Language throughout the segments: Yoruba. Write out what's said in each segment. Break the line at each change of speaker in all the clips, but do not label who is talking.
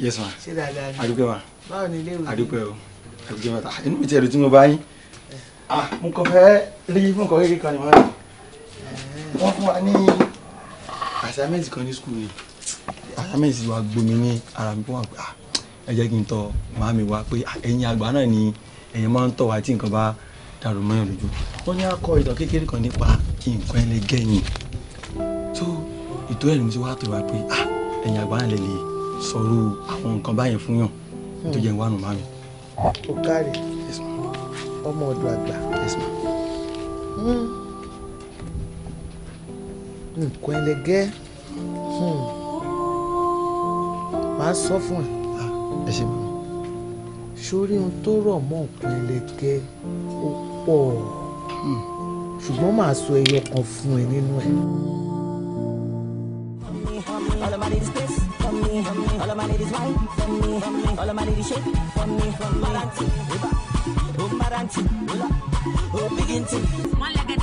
yes ma àdúpẹ́ wa àdúpẹ́ o àdúpẹ́ wa ta inú mi ti ẹ̀rù tí mo bá yín eh. ah, mo kàn fẹ́ rí mo kàn rí kan ní eh. wọn wọn fún wa ní assignment kan ní school ni assignment wa gbomi ní ara mi fún wa pé ah, ẹ jẹ́ kí n tọ̀ màá mi wá pé ah, ẹ̀yin àgbà náà ni ẹ̀yin máa ń tọ̀ wá tí nǹkan bá dàrú mọ́yàn lójú wọ́n ní akọ ìtàn kékeré kan nípa nǹkan ẹlẹgẹ́ tó ìtọ́ ẹ̀rù mi ti wá tó wá pé ẹ̀yin àgbà náà lè lè sọ̀rọ̀ àwọn nǹkan báyẹn fún yàn tó jẹ́ ìwánu máa mi. o káre ọmọ ọ̀dọ̀ àgbà
hmm.
nǹkan ẹlẹgẹ́ hmm. màá sọ fún ẹ. Ah, ẹ ṣe bàbá. sórí ohun tó rọ̀ mọ́ nǹkan ẹlẹgẹ́ ó pọ̀ hmm. ṣùgbọ́n màá sọ ẹyọ
kan fún ẹ nínú ẹ. Mm.
thing Maranti,
Maranti, Maranti, oh, big thing.
One leg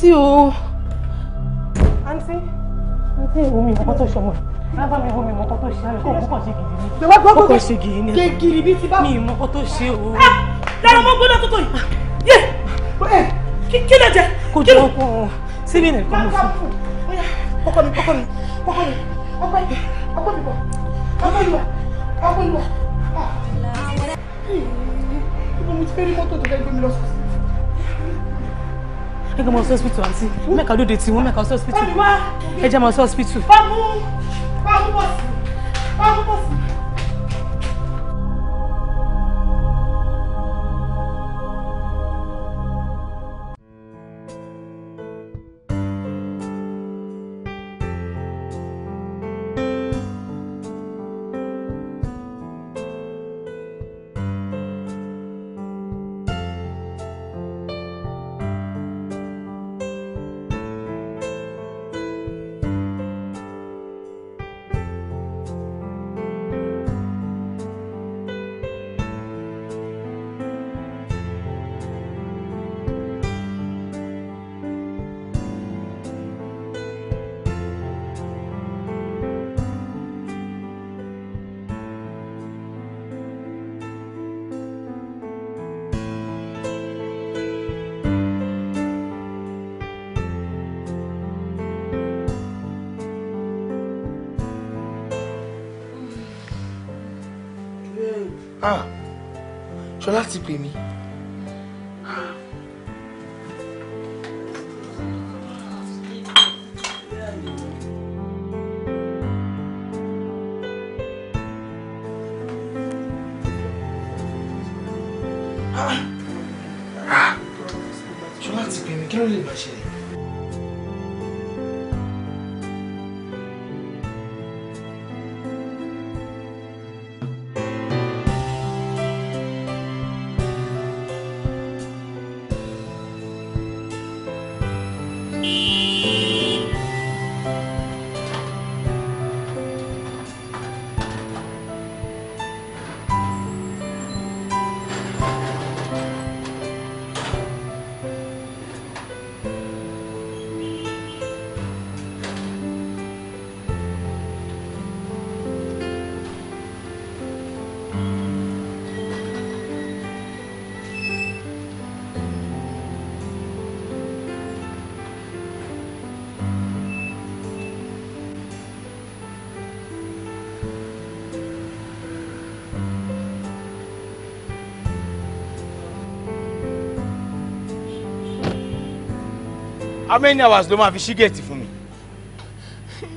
àǹtí o àǹtí àǹtí ìwú mi nǹkan tó ṣọmọ lábà mi wo mi mọ́kọ́ tó ṣe àlùkò
kókò ṣe gidi ni kókò ṣe gidi ni
gègìrì bíi ti bá mi mọ́kọ́ tó ṣe o. Ah! lẹ́nu mọ́ gbọ́dọ̀ tuntun yìí yé eh, kí ló jẹ kó jẹ́ ọkọ síbí nìkan mo fún. ọkọ mi ọkọ mi ọkọ mi ọkọ mi ọkọ mi bọ̀ ọkọ mi bọ̀ ọkọ mi bọ̀. ibo ah. mo ti fẹ́ rí mọ́tò tó fẹ́ gbé mi lọ sọ́sì ẹ kò mọ sí hospital àǹtí mẹ́ka lóde tí wọ́n mẹ́ka sí hospital ẹ jẹ́ mọ sí hospital. bá mú bá mú bọ̀sì bá mú bọ̀sì.
discipline how many hours do máa fi ṣí gẹ̀ẹ́tì fún mi.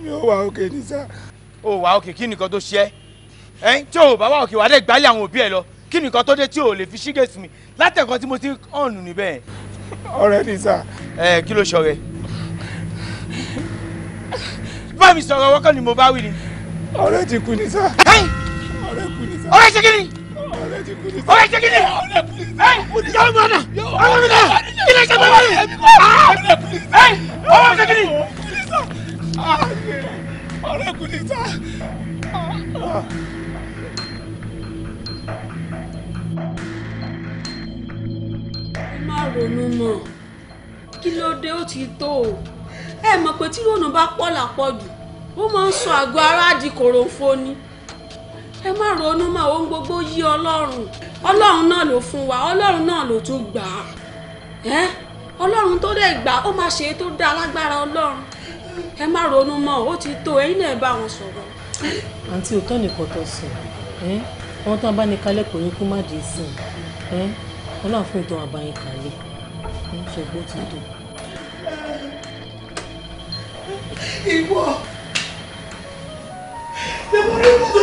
mi ò wà okay. ní sá. o wà òkè kí nìkan tó ṣe ẹ tí o bá wà òkè wà dé gbálẹ̀ àwọn òbí ẹ lọ kí nìkan tó dé tí o lè fi ṣí gẹ̀ẹ́tì mi látẹ̀kọ́ tí mo ti ọ̀nù níbẹ̀. ọ̀rẹ́ ni sá. ẹ kí ló ṣọrẹ. bá mi sọ̀rọ̀ wọ́kọ̀ ni mo bá wí ni. ọ̀rẹ́ ti
kú
ni sá. ọ̀rẹ́ kú ni sá. ọ̀rẹ́ ṣe o ye jigi de ɛ jɔn mɔ na o ma minɛ i la jama wale aa ɛ o ma minɛ kiri. ọ̀rẹ́ kò ní sá.
má ronú mọ́ kí ló dé ó ti tó o ẹ mọ̀ pé tí rònú bá pọ̀ lápọ̀ jù ó máa ń sọ àgọ́ ara di kòròǹfò ni ẹ má ronú mà ohun gbogbo yí ọlọ́run ọlọ́run náà ló fún wa ọlọ́run náà ló tún gbà á ẹ́ ọlọ́run tó dẹ̀ gbà ó máa ṣe tó dá lágbára ọlọ́run ẹ má ronú mọ́ ó ti tó ẹ̀yin náà bá wọn sọ̀rọ̀. àǹtí òótọ́ nìkan tó sọ wọn tó bá ní kalẹ̀ kò ní kó má dé sí i fún ìtàn àbáyín kalẹ̀ ṣùgbọ́n ti dùn.
ìwọ ìwọ ni mo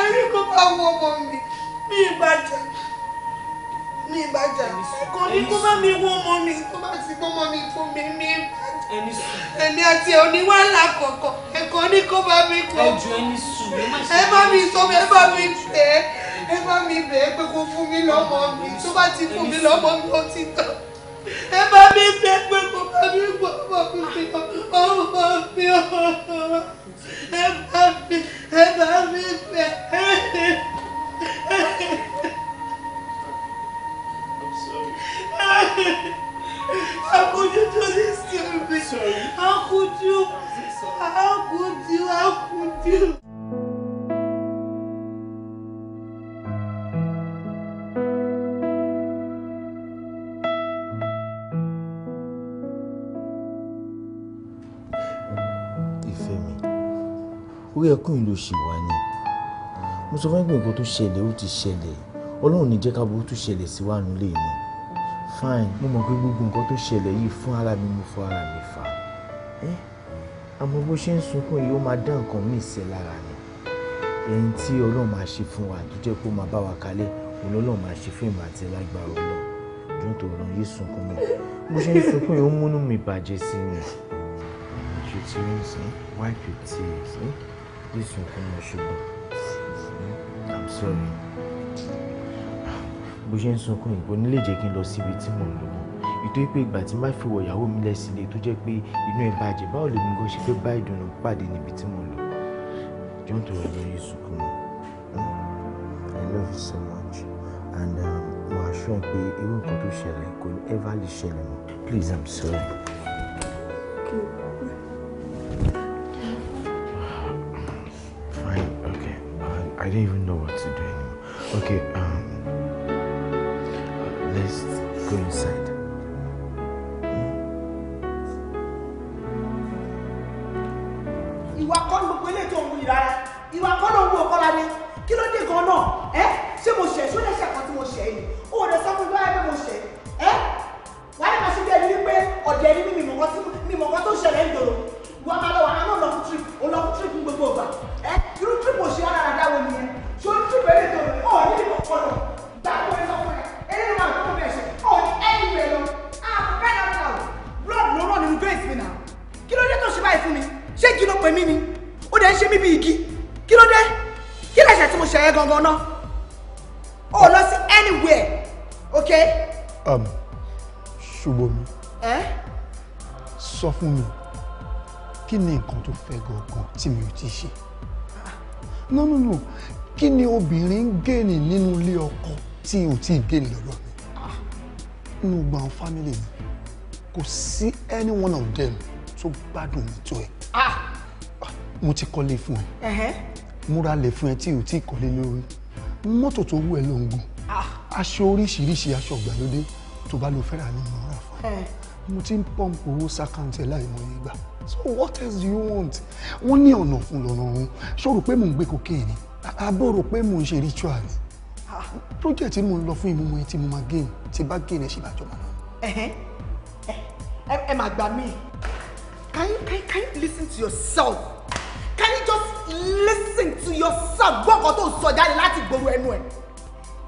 ẹni kó bá wọ
ọmọ mi mi ìbá jà mi ìbá jà kò ní kó bá mi wọ ọmọ mi kó bá ti gbọ́ ọmọ mi fún mi mi ìbá jà èmi àti oníwàhálà kọ̀ọ̀kan ẹ̀kọ́ ní kó bá mi kọ́
ẹ bá mi sọ ẹ bá mi tẹ̀
ẹ bá mi bẹ̀ ẹ́ pé kó fún mi lọ́mọ mi tó bá ti fún mi lọ́mọ mi ó ti tán ẹ bá
mi bẹ̀ ẹ́ pé kó bá mi gbọ́ ọmọ mi. How
could you do this to me? How could you?
How could you? How could you?
orí ẹkún ìlú ṣì wà ní mo sọ fún ẹgbẹ́ nǹkan tó ṣẹlẹ̀ ó ti ṣẹlẹ̀ ọlọ́run ní jẹ́ ká burú tó ṣẹlẹ̀ sí wa nílé mi fine mo mọ̀ pé gbogbo nǹkan tó ṣẹlẹ̀ yìí fún ara mi mo fún ara mi fà ẹ́ àmọ́ bó ṣe ń sunkún yìí ó máa dá nǹkan míì ṣe lára mi ẹni tí ọlọ́run máa ṣe fún wa tó jẹ́ pé ó máa bá wa kalẹ̀ òun lọ́lọ́run máa ṣe fún ìmọ̀ àti lágbára ọlọ́run dùn tó ràn yìí sunkún mi bó ṣe ń sunkún yìí ó múnú mi bàjẹ́ sí mi. wipe your tears. Eh? this nǹkan ṣùgbọ́n i'm sorry bó ṣe ń sunkún yìí kò ní lè jẹ́ kí n lọ síbi tí mò ń lọ mọ́ ìtò pé ìgbà tí má fi wọ ìyàwó mi lẹ́sílẹ̀ tó jẹ́ pé inú ẹ̀ bàjẹ́ báwo lèmi gan ṣe fẹ́ bá ìdùnnú pàdé níbi tí mò ń lọ john tó rẹ̀ lórí sunkún mi hmm. i love you so much and um, mo assure pé irú nǹkan tó ṣẹlẹ̀ kò ní ever lè ṣẹlẹ̀ mọ́ please i'm sorry. I don't even know what to do anymore. Okay, um, let's go inside. tó fẹ́ gangan tí mi ò ti ṣe. no no no kí ni obìnrin ń gèèní nínú ilé ọkọ tí ò tí ì gèèní lọ́dọ̀ mi nínú gbọ̀n fámìlì mi kò sí any one of them tó gbádùn mi tó ẹ. mo ti kọ́lé fún ẹ múra lè fún ẹ tí ò tí ì kọ́lé lórí mọ́tò tó wù ẹ́ ló ń gùn aṣọ oríṣiríṣi aṣọ ìgbàlódé tó bá lo fẹ́ràn ní ìmọ̀ràn fún ẹ mo ti ń pọ́ǹpù owó sákàǹtì ẹ̀ láì mọ iye gbà so what else do you want wọ́n ní ọ̀nà fún lọ́nà ọ̀run ṣó rò pé mò ń gbé cocaine ni àbò rò pé mò ń ṣe ritual ni ah, project tí mò ń lọ fún ìmúmọ́ ẹ tí mo máa gain tí bá gain ẹ ṣe bá jọba náà. ẹ máa gbà mí can you can you can you listen to yourself can you just listen to yourself gbọ́kàn tó ń sọ jáde láti gbòòrò ẹnu ẹ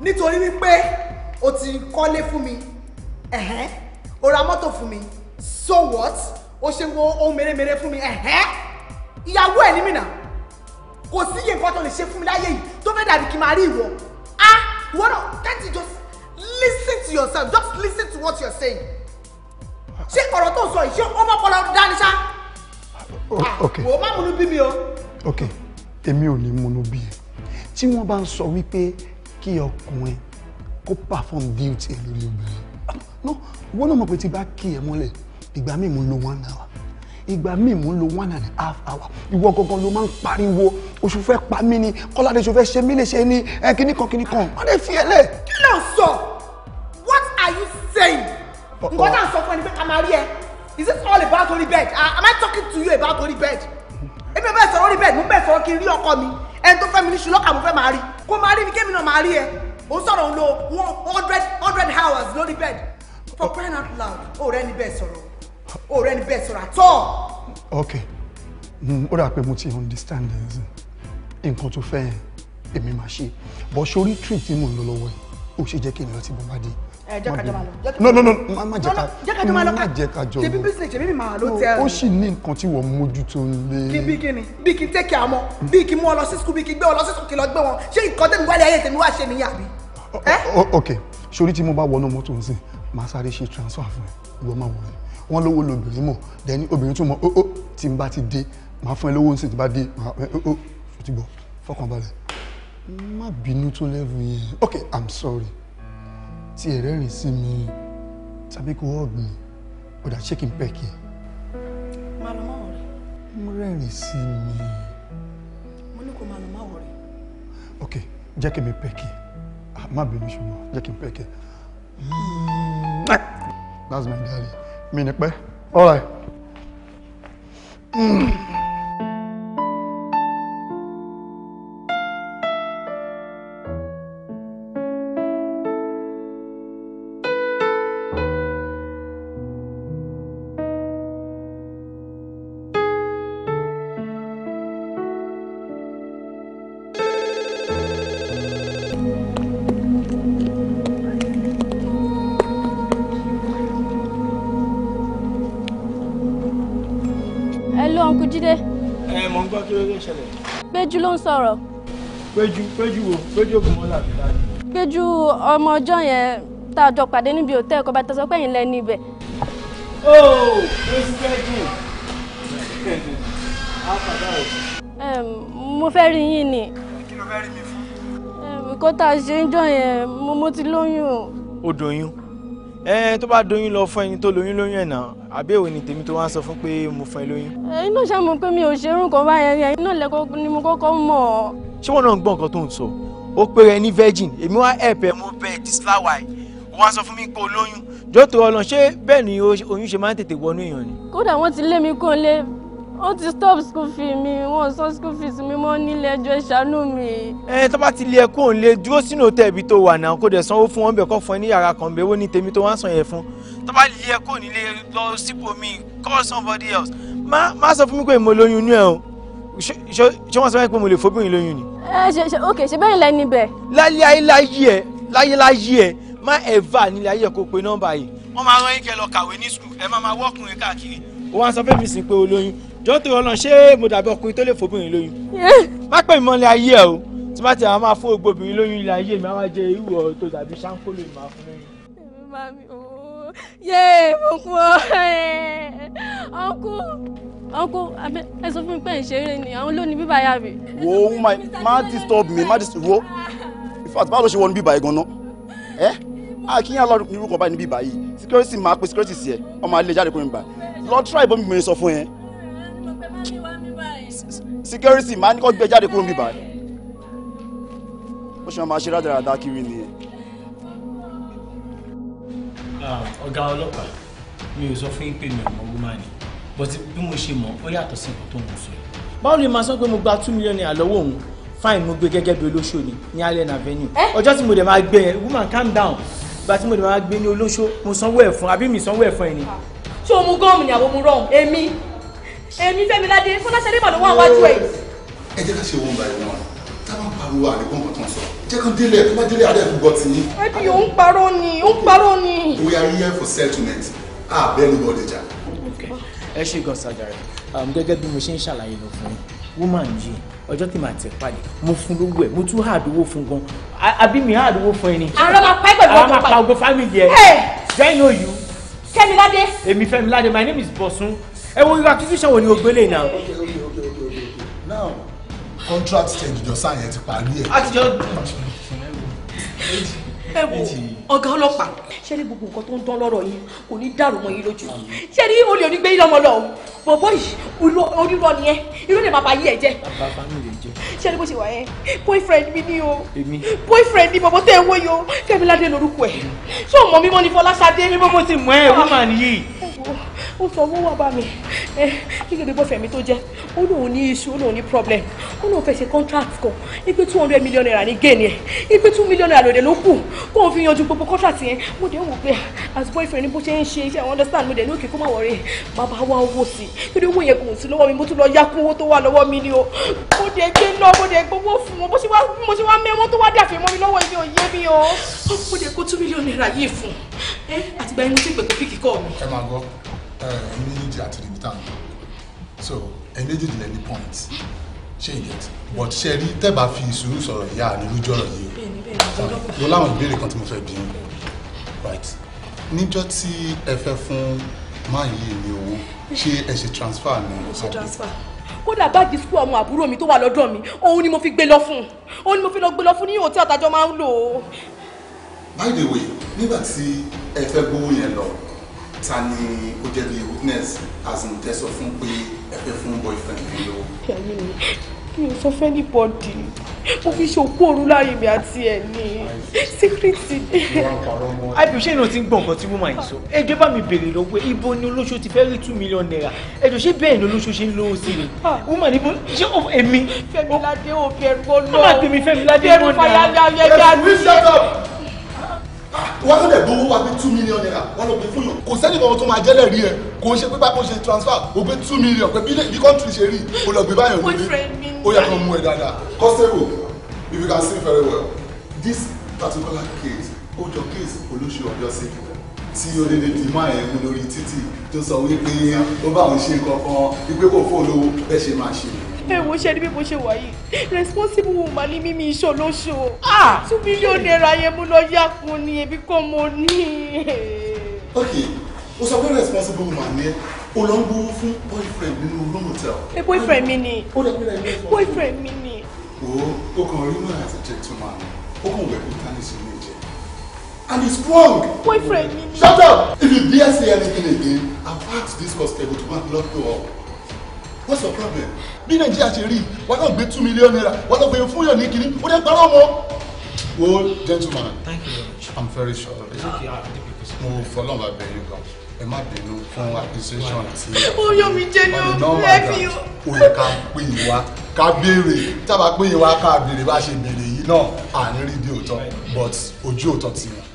nítorí wípé o ti kọ́lé fún mi o ra mọ́tò fún mi so what o ṣe wo ohun mèremère fún mi ẹ̀hẹ́ ìyàwó ẹ̀ ní mìíràn kò sí iye nǹkan tó lè ṣe fún mi láyé yìí tó fẹ́ dàbí kí n máa rí ìwọ ah ìwọ náà can't you just listen to yourself just listen to what you're saying ṣé ọ̀rọ̀ tó sọ yìí ṣé ọmọ ọpọlọ dání ṣá. Ah, wò ó má múnú bí mi o. ok èmi ò ní múnú bí ẹ tí wọ́n bá ń sọ wípé kí ọkùnrin kó perform duty lórí obìnrin ah, no ìwọ náà mọ̀ pé tí bá kí ẹ mọ́lẹ̀ ìgbà míì mo lo one hour ìgbà míì mo lo one and a half hour ìwọ gangan ló máa ń pariwo oṣù fẹ́ pa mí ni kọ́ládé oṣù fẹ́ ṣe mí lè ṣe ni ẹ kíní kan kíní kan wọ́n lè fi ẹ lẹ̀. kí ló ń sọ what are you saying nǹkan náà sọ fún ẹni pé a ẹ is it all about only bed uh, am I talking to you about only bed èmi ò bẹ́ẹ̀ sọ̀rọ̀ only bed mo bẹ́ẹ̀ sọ̀rọ̀ kí n rí ọkọ mi ẹni tó fẹ́ mi ní ṣùlọ́kà mo fẹ́ máa rí kó máa rí mi kémi náà máa rí ẹ ó sọ̀rọ̀ ń lo one hundred hours lórí bed for crying out loud ó rẹ́ ni bẹ́ẹ̀ sọ̀rọ̀ ọ̀rẹ́ ni bẹ́ẹ̀ sọ̀rọ̀ àtọ́. ok hmm, ó dà pé mo ti understand nǹkan tó fẹ́ èmi máa ṣe bọ́ sórí trip tí mò ń lọ lọ́wọ́ ẹ̀ ó ṣe jẹ́ kí èmi lọ sí bọ́mbádé. ẹ jẹ́ jọ máa lọ. no no no má má jẹ́ ká jẹ́ ká jọ máa lọ ká jẹ́ ká jọ lọ. ṣebí business ṣebí mi máa lọ tẹ. ó sì ní nǹkan tí wọ́n mójútó ń lé. kí bí kí ni bí kí n tẹ́kẹ̀ àmọ́ bí kí mú ọ lọ sí skul bí kí gbé ọ lọ sí skul kí lọ gbé wọn ṣé nǹkan tẹ́mi wálé ayé tèmi wá ṣe nìyà bí. ok sori tí mo bá wọnú mọ́tò ń sìn máa sáré ṣe transfer fún ẹ wọ́n lówó lobìnrin mọ̀ dẹ́ni obìnrin tún mọ̀ ó oh, ó oh, tí n bá ti dé màá fún ẹ lówó nísìnyí tí n bá dé màá ó ó tó ti gbọ́ fọkànbalẹ̀ má bínú tó lẹ́rù yẹn ok i'm sorry tí ẹ rẹ́rìn sí mi tàbí kò ọ̀gbìn ọ̀dà ṣéèkì ń pẹ̀kì.
máa lọ máa wọ̀rẹ́.
mo rẹ́rìn sí mi. mo ní kó máa lọ máa wọ̀rẹ́. ok jẹ́ kí mi pẹ̀kì ah, má bínú ṣùgbọ́n jẹ́ kí n pẹ̀kì. Hmm, ah, that's my darling mi ní pẹ́ all mm. ló ń sọ̀rọ̀. péjú péjú wo péjú ògùnmọ́lá
àti dájú. péjú ọmọ ọjọ́ yẹn tá a jọ pàdé níbi òtẹ́ẹ̀lì kọba tó sọ pé yín lẹ́nu ibẹ̀. ó péjú péjú á padà rẹ̀. mo fẹ́ rí yín ni. kí ló fẹ́ rí mi fún. nǹkan tá a ṣe ń jọ yẹn mo ti lóyún.
ó doyún ẹ tó bá doyún lọ fún ẹni tó lóyún lóyún ẹ̀ náà àbí èwo ni tèmi tó wá ń sọ fún pé mo fún ẹ lóyún.
ẹyin náà ṣàmọ pé mi ò ṣe irun báyẹn rí ẹyin náà ni mo kọ́kọ́ mọ̀
ṣé wọn náà ń gbọ́ nǹkan tó ń sọ ó pé rẹ ní virgin èmi wá ẹ̀pẹ̀ mo bẹ̀ dísláwà ẹ̀
wọ́n á sọ fún mi pé olóyún
jọ́tò ọlọ́n ṣé bẹ́ẹ̀ ni oyún ṣe máa ń tètè wọnú èèyàn ni.
kódà wọ́n ti lé mi kó lé wọ́n ti stop school fee mi wọ́n san school fees mi mọ́ nílé ẹjọ́ ìṣàánú mi.
ẹ tó bá ti lé ẹkún òun lè dúró sínú òtẹ́ ibi tó wà náà kó dẹ̀ sanwó fún wọn bẹ̀ kọ́ fún ẹ ní yàrá kan bẹ́ẹ̀ wọ́n ní tèmi tó wá sàn yẹn fún tó bá lé ẹkún òun lè lọ sípò mi call somebody else má má sọ fún mi pé mo lóyún inú ẹ o ṣé wọ́n sọ fún mi pé mo lè fóbìnrin lóyún ni.
ẹ ṣe ṣe ok ṣe bẹ́ẹ̀ lẹ́ni bẹ̀. láyé ayé láyé
ẹ láyé láyé ẹ má ẹ̀ va nílé ayé ẹ kó pe nọ́mbà yìí wọ́n máa rán yín kẹ́ lọ kàwé ní sùkúl ẹ má máa wọ́kùnrin káàkiri ó wá sọ fẹ́mi sìn pé o lóyún jọ́ tó ọlọ́run ṣé mo dàbí ọkùnrin tó lè fòbìnrin lóyún má pè mí mọ́lẹ̀ ayé ẹ o tí bá ti àwọn máa fún gbogbo obìnrin lóyún ilé ayé mi á wá jẹ irú ọ tó dàbí ṣáńkó lóyún máa fún lóyún.
mami o yé mo kú ọ
ọkú ọkú ẹ sọ fún mi pé ẹ ń ṣeré ni àwọn ló ní bíbá yá mi.
wo má disturb mi má disturb wo in fact báwo ló ṣe wọ ní bíbá yìí gan-an ẹ a kì í yàn lọ nírú kan báyìí ní bíbá yìí security máa pe security sí ẹ ọmọ alẹ́ e jáde kúrò níbà yìí lọ try ìbọn mi mo sọ fún yẹn security máa ní kó gbé jáde kúrò níbà ó ṣe máa ṣe rádaràda kiri nìyẹn. Ah, ọ̀gá ọlọ́pàá mi ò sọ fún yín pé mi ò mọ woman ni but bí mo ṣe mọ̀ ó yàtọ̀ sí nǹkan tó ń sọ yìí. báwo ni màá sọ pé mo gba two million naira lọ́wọ́ òun fine mo gbé gẹ́gẹ́ bí olóṣó ni ní allen avenue eh? ọjọ́ tí mo dẹ̀ máa gbé yẹn woman calm down ìgbà tí mo dẹ̀ máa gbé ní olóṣó mo sanwó ẹ̀ fún àbí mi sanwó ẹ̀ fún ẹ ni. Ah
ṣé o gọ́ọ̀mù ni àwọn mu rọ̀hún èmi èmi fẹ́mi ládé fọláṣẹ́ nígbà
ló wà ẹ̀. ẹ jẹ́ ká ṣe wọn báyìí wọn táwọn pariwo àrígbọ́n kan sọ jẹ́ kán délé ẹ̀ tó bá délé adé àfúgbọ́ ti yín.
ẹ bí òun parọ́ ni òun parọ́ ni.
we are here for settlement abẹ́ ló bọ́ déjà. ẹ ṣe gan sajara gẹ́gẹ́ bí mo ṣe ń ṣàlàyé lọ fún yín woman yìí ọjọ́ tí màá tẹ̀ pàdé mo fún lówó ẹ̀ mo tún hàdówó fún gan àbí mi hàdówó fún ẹni. àrà máa pa ẹgbẹ̀rún ọgbọ̀n pa àrà máa pa ọgbọ̀n fámìlì ẹ̀ then know you Fẹ́miládé. Èmi Fẹ́miládé, my name is Bọ̀sún. Ẹ wo irú accusation wo ni o gbélé náà? Now, contract change jọ sáyẹn ti parí ẹ̀. A Ẹ wo
ọ̀gá ọlọ́pàá ṣé rí gbogbo nǹkan tó ń dán lọ́rọ̀ yìí kò ní dàrú mọ́ yín lójú ṣé rí olè onígbé yín lọ́mọ lọ bọ̀bọ̀ yìí onírọ̀ ni ẹ irú ni bàbá yìí ẹ jẹ ṣé rí bó ṣe wà yẹn boyfriend mi ni o
boyfriend
ni bọ̀bọ̀ tẹ̀ ń wọ́ yìí o Fẹ́mi Ládé lorúkọ ẹ̀ ṣé o mọ̀ mímọ́ ni Fọláṣadé mímọ́ mo ti mọ̀ ẹ́ woman yìí
ó sọ owó wà bá mi ẹ nítorí bó fẹ̀mí tó jẹ́ ó lóun ní iṣu ó lóun ní problem ó lóun fẹ́ ṣe contract kan ipe two hundred million naira ní gain yẹn ipe two million naira lòdì ló kù kó o fi yanjú gbogbo contract yẹn mo dẹ̀ ń wò pé as boyfriend bó ṣe ń ṣe iṣẹ́ àwọn understand mo dẹ̀ ní òkè kó má wọrí bàbá wa owó sí i torí owó yẹn kò sí lọ́wọ́ mi mo tún lọ yá kún owó tó wà lọ́wọ́ mi ni o mo dẹ̀ gbé lọ mo dẹ̀ gbowó fún wọn bó ṣe wá mo ṣe wá mẹ́wọ́n tó wá dàfẹ́ mọ́ mi lọ́wọ́ ibi òye mi o mo dẹ̀ kó two million naira yìí fún ẹ àtìgbà yẹn mo ṣe pẹ̀kọ́ pìkì kọ́
mi. ẹ máa gbọ́ ẹ̀yin eh, méjèèjì àti ibi tá à ń lọ so ẹ̀yin méjèèjì lẹ ní point ṣé ìyẹn but ṣe rí tẹ́bà fi sùúrù sọ̀rọ̀ ìyá ànílújọ́ ọ̀rọ̀ yìí o mo láwọn ìbéèrè kan tí mo fẹ́ bí right níjọ́ tí ẹ fẹ́ fún máa yìí ní owó ṣé ẹ ṣe transfer ni
kódà báàgì sukú ọmọ àbúrò mi tó wà lọ́dọ̀ mi òun ni mo fi gbé lọ fún òun ni mo fi lọ gbé lọ fún ní hòtẹ́ẹ̀lì àtàjọ máa ń lò ó.
by the way nígbà tí ẹ fẹ́ gbówó yẹn lọ
ta ni ó jẹ́ bí witness as in tẹ́ sọ fún pé ẹ fẹ́ fún boyfriend mi lówó. ẹ̀yin mi mi ò sọ fẹ́ ní bọ́ọ̀dì mo fi ṣòkú òru láàyè mi àti ẹ̀ ní síkírìtì. àbíṣe náà ti ń gbọ́ nǹkan tí wọ́n máa ń sọ ẹjọ́ bá mi béèrè lọ́wọ́ ibo ni olóṣó ti fẹ́ rí two million naira ẹjọ́ ṣé bẹ́ẹ̀ ni olóṣó ṣe ń lówó sí I ah. wọ́n máa ní bó ṣé èmi. Fẹ́mi ládé ò bẹ̀rù ọ lọ. wọ́n máa tẹ̀mí Fẹ́mi ládé mọ́ náà. bẹ̀rù fàyàlẹ́ ayẹyẹ àti wọ́n tó dẹ̀ gbowó wa pé two million naira wọ́n lọ gbé fún yàn kò sẹ́ni kan tó máa jẹ́lẹ̀ rí ẹ kò ń ṣe pé báyìí kò ṣe transfer o pé two million pé bí the country ṣe rí o lọ gbé báyọ̀ lórí ó yà kàn mú ẹ dáadáa kọ́sẹ́rò if you can see very well this particular case ó jọ case olóṣù ọjọ́ sí tí ó dédé di máa ẹ̀ mú lórí títì tó sọ wípé ó bá òun ṣe kankan wípé kò fóònù bẹ́ẹ̀ ṣe máa ṣe ẹ wo ṣe ni bí mo ṣe wà yìí responsible woman ní mímí iṣẹ́ olóṣù o ah! two million naira yẹn mo lọ yá kun ni ebi kan mo ní. ok o sọ pé responsible woman ni o lọ ń gbowó fún boyfriend nínú room hotel.
ẹ boyfriend mi ni
boyfriend mi ni.
o o kàn rí náà as a gentleman o kàn
wẹ̀ kó tani sí ilé jẹ and he's strong. boyfriend mi ni. shut up if you dare say anything again i will ask this constable to man lock you up what's your problem bí nàìjíríà ṣe rí wọn náà gbé two million naira wọn náà gbé fún yàn ní kínní ó dẹ̀ parọ́ mọ́. wo gentleman thank you
very much i'm very sure mo fọlọ́n bá bẹ̀ yín gan ẹ má bínú fún accusation ti. ó
yọ mi jẹ ní ọdún lẹ́fì o. o yẹ ká pè é wá ká béèrè tábà pé ìwà ká béèrè bá ṣe béèrè yìí náà àní rí bí òótọ́ but ojú òótọ́ ti wọn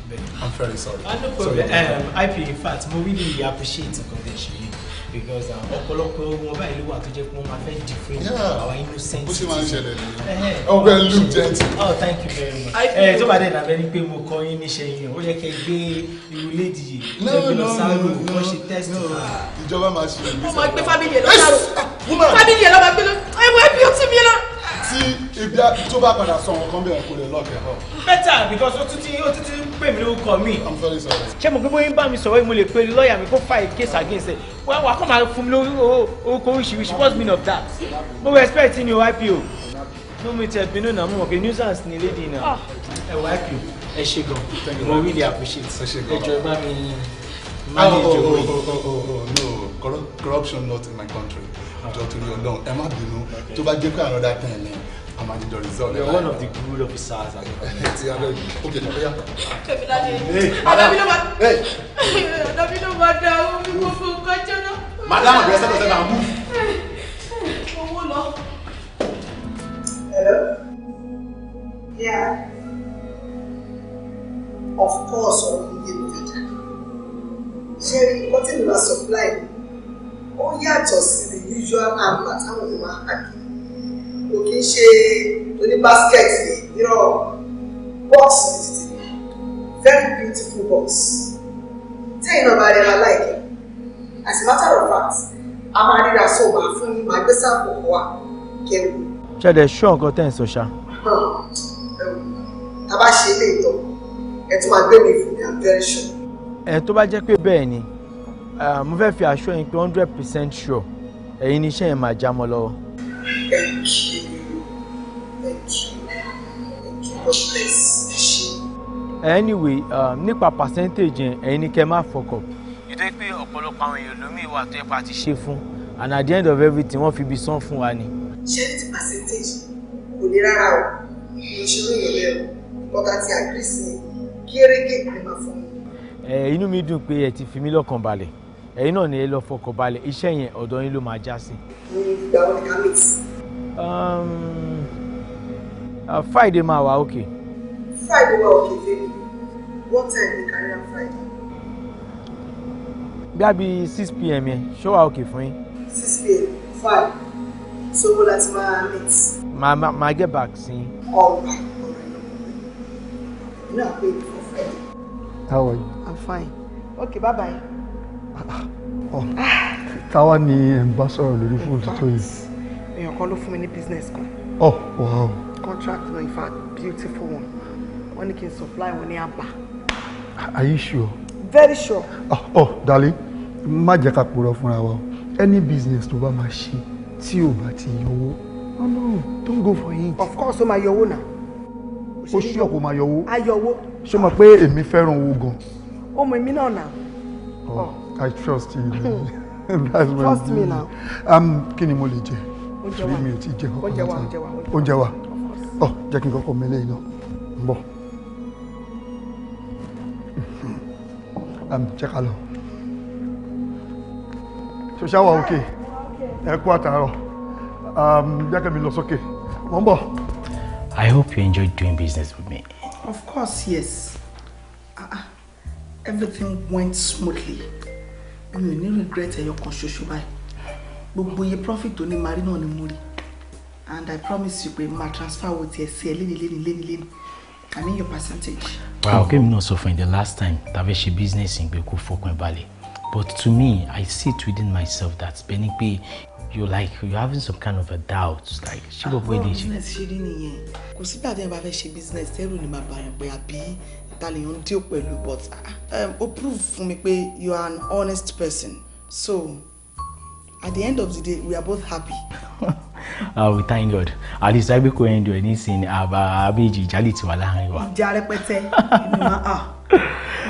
i'm very sorry. Ah, um, i no problem ip in fact mo really appreciate nǹkan convention because um, ọ̀pọ̀lọpọ̀ ogun ọba ìlú wa tó jẹ́ pé wọ́n máa fẹ́ defend our innocent. bó ṣe máa ń ṣẹlẹ̀ nìyẹn ọgbẹ́ lu jẹ́ntì. oh thank you very much. ẹ eh, tó bá dé dàbẹ́ ni pé mo kọ́ yín níṣẹ́ yín ó yẹ kẹ́ gbé irú lédi yìí ẹgbẹ́ lọ sáárò wọ́n ṣe test. ìjọba máa ṣe ìgbésẹ̀. mo máa gbé fábílì ẹ̀ lọ sáárò fábílì ẹ̀ lọ máa gbé lọ ẹ̀ wọ ó ti mi lọ tí ibi tó bá padà sọ nǹkan bẹ́ẹ̀ kò lè lọ́ọ̀kẹ́ ọ. better because ó tún ti ó tún ti ń pè mí lórúkọ mi. i'm very sorry. ṣé mo gbé bóyá ń bá mi sọ̀rọ̀ mo lè pe lọ́ọ̀yà mi kó file case against ẹ̀ wá wá kó máa fún mi lórí orúkọ oríṣiríṣi what's mean of that mo respect ni o ipo no mi tẹ bínú náà mo mọ̀ pé nuisance ni lady náà ah. ẹ wá ipo ẹ ṣe gan mo really appreciate ẹ jọ ẹ bá mi manage
owó. corruption not in my country jọ torí Ọlọ́run ẹ má bínú
tó bá jẹ́ pé àrùn dá tẹ̀ ní àmàdìjọ resort. you are one of the good officers. ti abẹ bi o kejì ọkọ yà. tẹmíládé ọdọbí ló máa ọdọbí ló máa da omi gbogbo nǹkan jẹ́nà. madam abẹ́rẹ́ sẹ́kọ̀ọ́ sẹ́kọ̀ọ́ àmú. owó
lọ. hello. yeah.
of course ọ̀rọ̀ mi yé mi dáadáa. ṣé
ọtí mi máa supply mi ó yàtọ̀ sí the usual àmà táwọn èèyàn máa ń hàkì kò kí ń ṣe oní basket nírọ̀ box ní títì very beautiful box
tẹ́yìn náà bá rẹra láìpẹ́
as a matter of fact a máa ríra sọ máa fún yín máa gbé sáàpù kọ wa kẹwù. ṣẹ́dẹ̀ ṣọ́ nǹkan tẹ́ ẹ̀ sọ ṣá. tá a bá ṣe ilé ìtọ́ ẹ̀ tún máa gbé mi fún mi i'm very sure. ẹ̀ tó bá jẹ́ pé bẹ́ẹ̀ ni. Ah, mo fẹ́ fi aṣọ yín pé hundred percent sure ẹ̀yin ni iṣẹ́ yẹn máa já mọ́ lọ́wọ́. anyway um, nípa percentage yẹn ẹ̀yin ni kẹ́ máa fọkọ̀.
ìtọ́ pé ọ̀pọ̀lọpọ̀ àwọn èèyàn lómi ìwà tó
yẹ ti ṣe fún and at the end of everything wọ́n fi ibi san fún wa ni. ṣé ní ti percentage kò ní rárá o ìṣòro ìyọ̀lẹ́ o ọ̀gá ti àgbèsè kí eréke ìpínlẹ̀ máa fún mi. Eh, inú mi dùn pé ẹ ti fi mí lọ́kàn balẹ̀ ẹ̀yin náà ni ẹ lọ fọkàn balẹ̀ iṣẹ́ yẹn ọ̀dọ̀ yín ló máa já sí.
ìgbà wo ni
ká Friday máa wà òkè. Friday wà òkè fèmí what time you carry on Friday. bí a bí six pm yẹn ṣó wà òkè fún yín. six pm fine so mo láti máa meet. màá màá get back sí i. ọ̀rọ̀ ọ̀rọ̀ náà pé for Friday. how are you. I'm fine. okay bye bye. Ah. táwa ni ẹ̀ ń bá sọ̀rọ̀ lórí fóònù tuntun yìí. èèyàn kan ló fún mi ní business kan. oh wow. contract náà in fact beautiful one wọ́n ní kí n supply wọn ní àbá. are you sure. very sure. oh, oh darling má jẹ́ ká purọ́ fúnra wa any business tó bá máa ṣe tí ò bá ti yọwọ́ no no don't go for it. of course ó máa yọwọ́ náà. ó ṣí ọ̀pọ̀ máa yọwọ́. ayọwọ́. ṣé o mọ̀ pé èmi fẹ́ràn owó gan. ọmọ èmi náà nà. Oh. Oh. I trust you. That's my Trust me now. Um, kí ni mo lè jẹ? Oúnjẹ wa. Mi ò ti jẹ ọkọ láti. Oúnjẹ wa. Oúnjẹ wa. Ọ̀ oh, jẹ́ kí n kọ́kọ́ mẹ́lẹ̀ yìí lọ. N bọ̀. Um, jẹ́ ká lọ. Ṣoṣá wa òkè. Ẹ kú àtàárọ̀. Um, jẹ́ mi lọ sókè. Mo ń bọ̀. I hope you enjoyed doing business with me. Of course, yes. Uh, everything went smoothly mi ò ní regret ẹyọ kan ṣoṣo báyìí gbogbo iye profit tó ní mari náà ni mo rí
and i promise you pé ma transfer owó tiẹ̀ sí ẹ léni léni léni léni i mean your percentage.
wow kémi náà sọ fún ẹ the last time tàbí ṣe business ìgbé kó fọkàn ẹ balẹ̀ but to me i see it within myself that bẹ́ẹ̀ni pé you like you having some kind of a doubt like ṣé gbogbo èdè ṣe. àwọn business ṣe rí nìyẹn kò sígbà tí ẹ bá fẹ́ ṣe business tẹ́rù ni màá bàyàn pé àbí ta lè ń deal pẹ̀lú but ah, um, o prove fún mi pé you are an honest person so at the end of the day we are both happy. ah we thank God I àdìsí àgbékò ẹ̀ńdọ̀ ẹ̀ nísìnyí àbá abéjì ìjálè ti wà láàrin wa. ìjà rẹpẹtẹ ni màá ah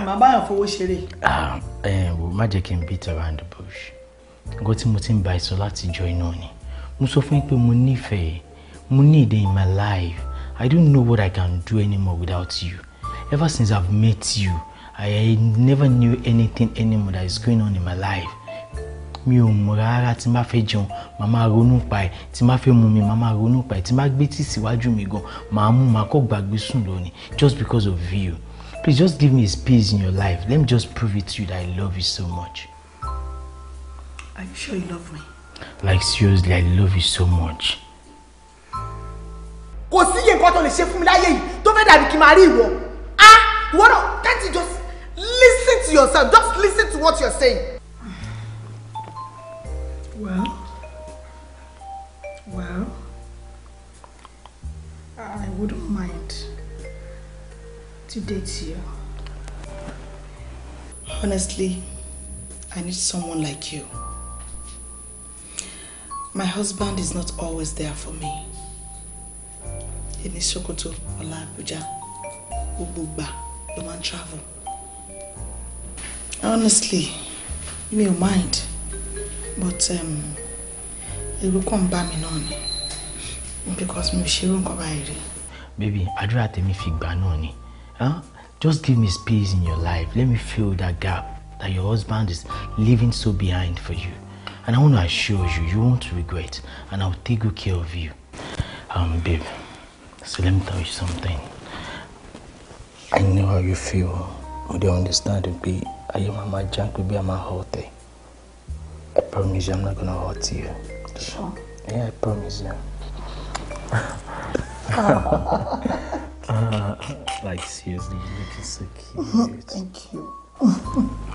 màá báyọ̀ fowó ṣeré. ẹ ah, eh, wò má jẹ́ kí n beat around the bush nǹkan tí mo ti ń ba ìsọ láti jọ iná ni mo sọ fún yín pé mo nífẹ̀ẹ́ mo need in my life I don't know what I can do anymore without you. Ever since I've met you, I never knew anything anymore that is going on in my life. Mi ò mọ̀ rárá tí má fẹ́ jẹun, màá máa ronú pa ẹ̀, tí má fẹ́ mu mi, màá máa ronú pa ẹ̀, tí má gbé tí síwájú mi gan, màá mú màá kọ́ gbàgbé sùn lónìí just because of you. Please just give me a space in your life. Let me just prove it to you that I love you so much. Are you sure you love me? Like seriously, I love you so much. Kò sí iye nǹkan tó lè ṣe fún mi láyé yìí tó fẹ́ dàbí kí n máa rí ìwọ. What up? Can't you just listen to yourself? Just listen to what you're saying. Well,
well, I wouldn't mind to date you. Honestly,
I need someone like you. My husband is not always
there for me. He needs Sokoto, Ola Abuja, Ubugba ló máa travel honestly you may mind but ẹ̀rù um, kàn ń bà mí náà ni
because me ò ṣerú nǹkan báyìí rí.
baby I'd rather me gbà náà ni huh? just give me space in your life let me fill that gap that your husband is leaving so behind for you and I want to assure you you won't regret and I'll take good care of you um, babe so let me tell you something. I know how you feel mo dey understand pé ayé máa ma já pé bí a máa hurt ẹ I promise you I'm not gonna hurt you. Sure. Yeah, I promise you. uh, like seriously, you look so cute.
Thank you.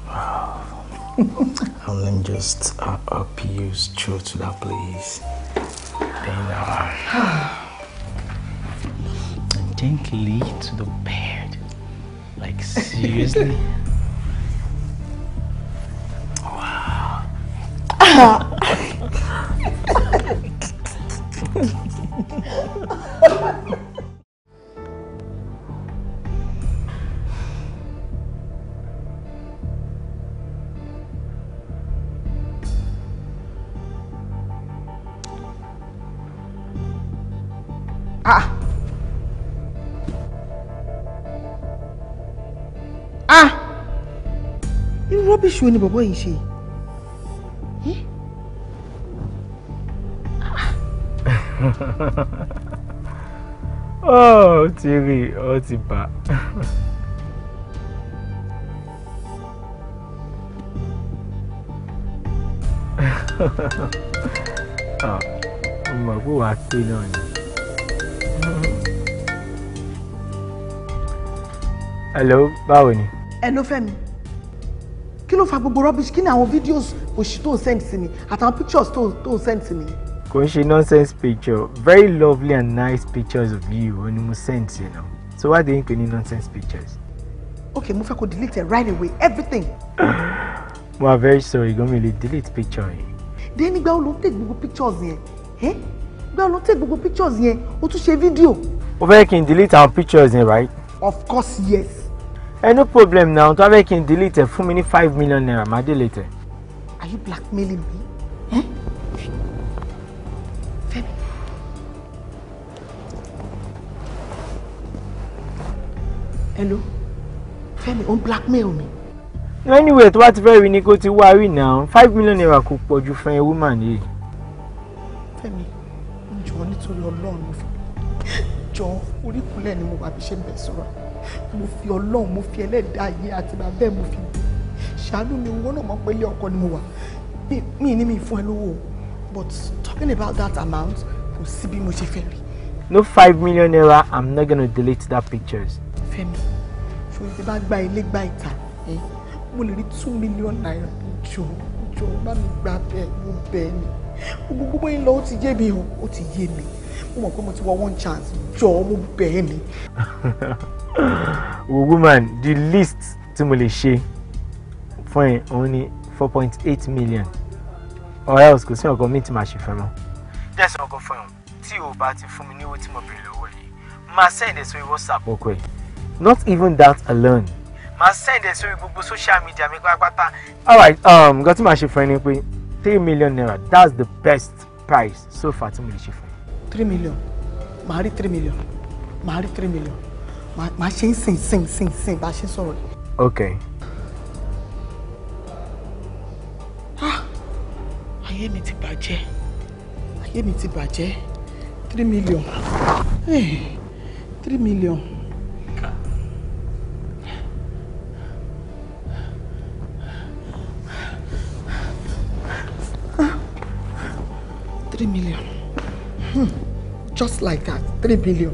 wow.
and let just uh, help you through to that place. Then,
uh,
and gently to the bed.
Like seriously? wow.
ah. ah irú rubbish wo ni bọ̀bọ́ yìí ṣe oh, ó ti rí ó ti bà.
Ah, mọ̀
pé wàá pé hello báwo ni ẹ ló fẹ́ mi kí ló fa gbogbo rubbish kí ni àwọn videos òṣì tó send sí mi àtàwọn pictures tó ń send sí mi. kò ń ṣe nonsense picture very lovely and nice pictures of you ni mo send sí náà so why dey you pè ní nonsense pictures. okay mo fẹ́ kó delete right away everything. mo are very sorry gan mi delete picture yẹn. dé nígbà wo ló gbogbo pictures yẹn ẹ́ nígbà take ló gbogbo pictures yẹn o tún ṣe fídíò. o fẹ́ kí delete àwọn pictures yẹn right. of course yes ẹ no problem now tó abẹ́ kí n delete ẹ fún mi five million naira máa delete ẹ. are you blackmailing me? Eh? Femi. hello Femi o blackmail me. No, anyway tó bá very fẹ́ rí ni kó now five million naira kò pọ̀ you, fún ẹ woman yìí. Femi to jọ̀ọ́ nítorí Ọlọ́run jọ̀ọ́ oríkùnlẹ̀ ni mo wà bí ṣe ń bẹ sọ̀rọ̀ mo fi ọlọ́run mo fi ẹlẹ́dàá ayé àti bàbá ẹ̀ mo fi bù ṣàánú mi owó náà mọ̀ pé ilé ọkọ ni mo wà mí ní mi fún ẹ lówó but talking about that amount kò sí bí mo ṣe fẹ́ rí. no five million naira i'm not gonna delete that pictures. Fẹ́mi ṣòro ti bá gba ilé gba ìta mo lè rí two million naira jọ jọ bá mi gba bẹ́ẹ̀ mo bẹ́ẹ̀ ni gbogbo bóyá lọ ó ti yé mi o ó ti yé mi mo mọ̀ pé mo ti wọ one chance jọ mo bẹ́ẹ̀ ni. woman the least tí mo lè ṣe fún ẹ òun ni four point eight million or else kò sí ọkọ mi tí màá ṣe fẹ́ mọ́. jẹ́sí ọkọ fún ẹ tí o bá ti fún mi ní owó tí mo béèrè lọ́wọ́ yìí máa send ẹ sórí whatsapp ọkọ not even that alone máa send ẹ sórí gbogbo social media mi pátápátá. alright um, nǹkan tí màá ṣe fún ẹ ni pé three million naira that's the best price so far tí mo lè ṣe fún ẹ. three million màá rí three million màá rí three million máa ṣe ń sìn sìn sìn sìn bá ṣe sọ̀rọ̀. ok. ah ayé mi ti bàjẹ́ ayé mi ti bàjẹ́ three million hey, eh, three million. three million hmm. just like that three billion.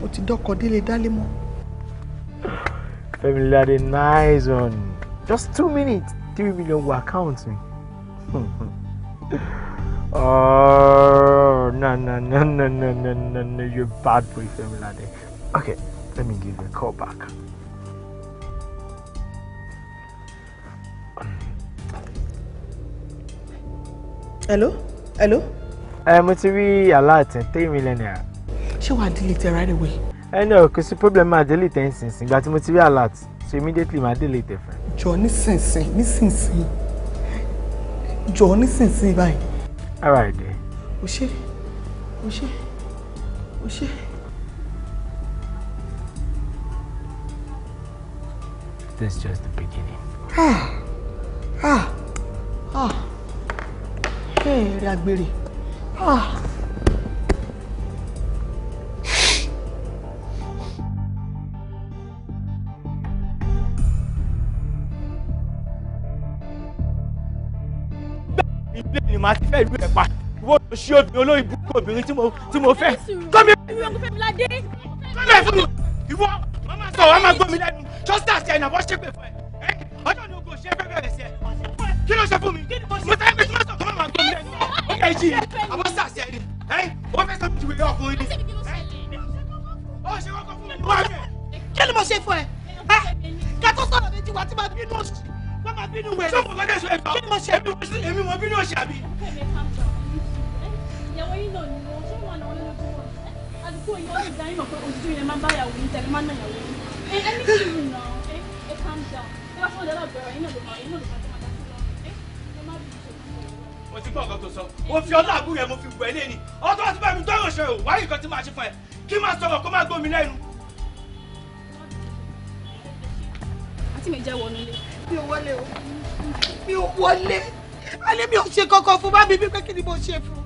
mo ti dọ́kọ̀ délé dálé mọ́.
Fẹ́mi Lade nice one just two minutes three million were counting. oh na na na na na na na, no you're bad boy Fẹ́mi Lade okay let me give you a call back. hello hello ẹ eh, mo ti rí aláàtẹ three million naira. ṣé wàá delete ẹ right away. ẹ ní ọkọ sí problem máa delete ẹ nísinsìnyí ìgbà tí mo ti rí alert so immediately máa delete ẹ fún ẹ. jọ nísinsìnyí nísinsìnyí jọ nísinsìnyí báyìí. ara ẹ̀ dẹ́. o ṣe o ṣe o ṣe. This is just the beginning.
Ah! Ah! Ah!
Hey, Ragbere ilé ni màá ti fẹ́ ìlú ẹ̀ pa ìwọ ló ṣí obìnrin olóyìnbó obìnrin tí mo fẹ́ kọ́mi kọ́mi fún mi ìwọ wọ́n máa sọ wọ́n máa gbọ́ mi lẹ́nu ṣọ́sítà sí ẹ̀nà wọ́n ṣépè fún ẹ ọjọ́ ni ogun òṣèré fẹ́ bẹ̀rẹ̀ sí ẹ kí ló ṣe fún mi mo sáré pé tí wọ́n sọ kọ́ máa gbọ́ mi lẹ́nu ó yẹ jí àwọn wèrè ọkùnrin ni. ó ṣe kọ́kọ́ fún mi. kí ni mo ṣe fún ẹ kátó sọ̀rọ̀ méjì wá
tí màá bínú oṣù wọ́n
máa bínú wẹ̀rẹ̀. sọ́kùn lọ́dẹ̀ sọ ẹ̀fọ́ kí ni mo ṣe èmi mo bínú oṣù àbí.
ìyàwó yín náà ni wọ́n ṣé wọn náà lọ́dún tó wọ̀ àdúgbò yìí wọ́n ti dá yín mọ̀ pé òṣìṣẹ́ yẹn máa ń bá yàwó yín tẹ̀lé máa ń nà yàwó yín. ẹ ẹ ní kí ni nà ẹ calm down ẹ wá fún ọ̀dọ́
mo ti gbọ́ nǹkan tó sọ mo fi ọlá àbúrò ẹ̀ mo fi wù ẹ́ lé ni ọtọ́ ti bá mi tọ́ ìròṣẹ́ o wáyé nǹkan tí màá ṣe fún ẹ kí máa
sọ̀rọ̀ kó má gbómi lẹ́nu.
àti mi jẹ́ wọnú ilé. mi ò wọlé o
mi ò wọlé alẹ́ mi ò ṣe kankan fún bá mi bí pé kí ni mo ṣe fún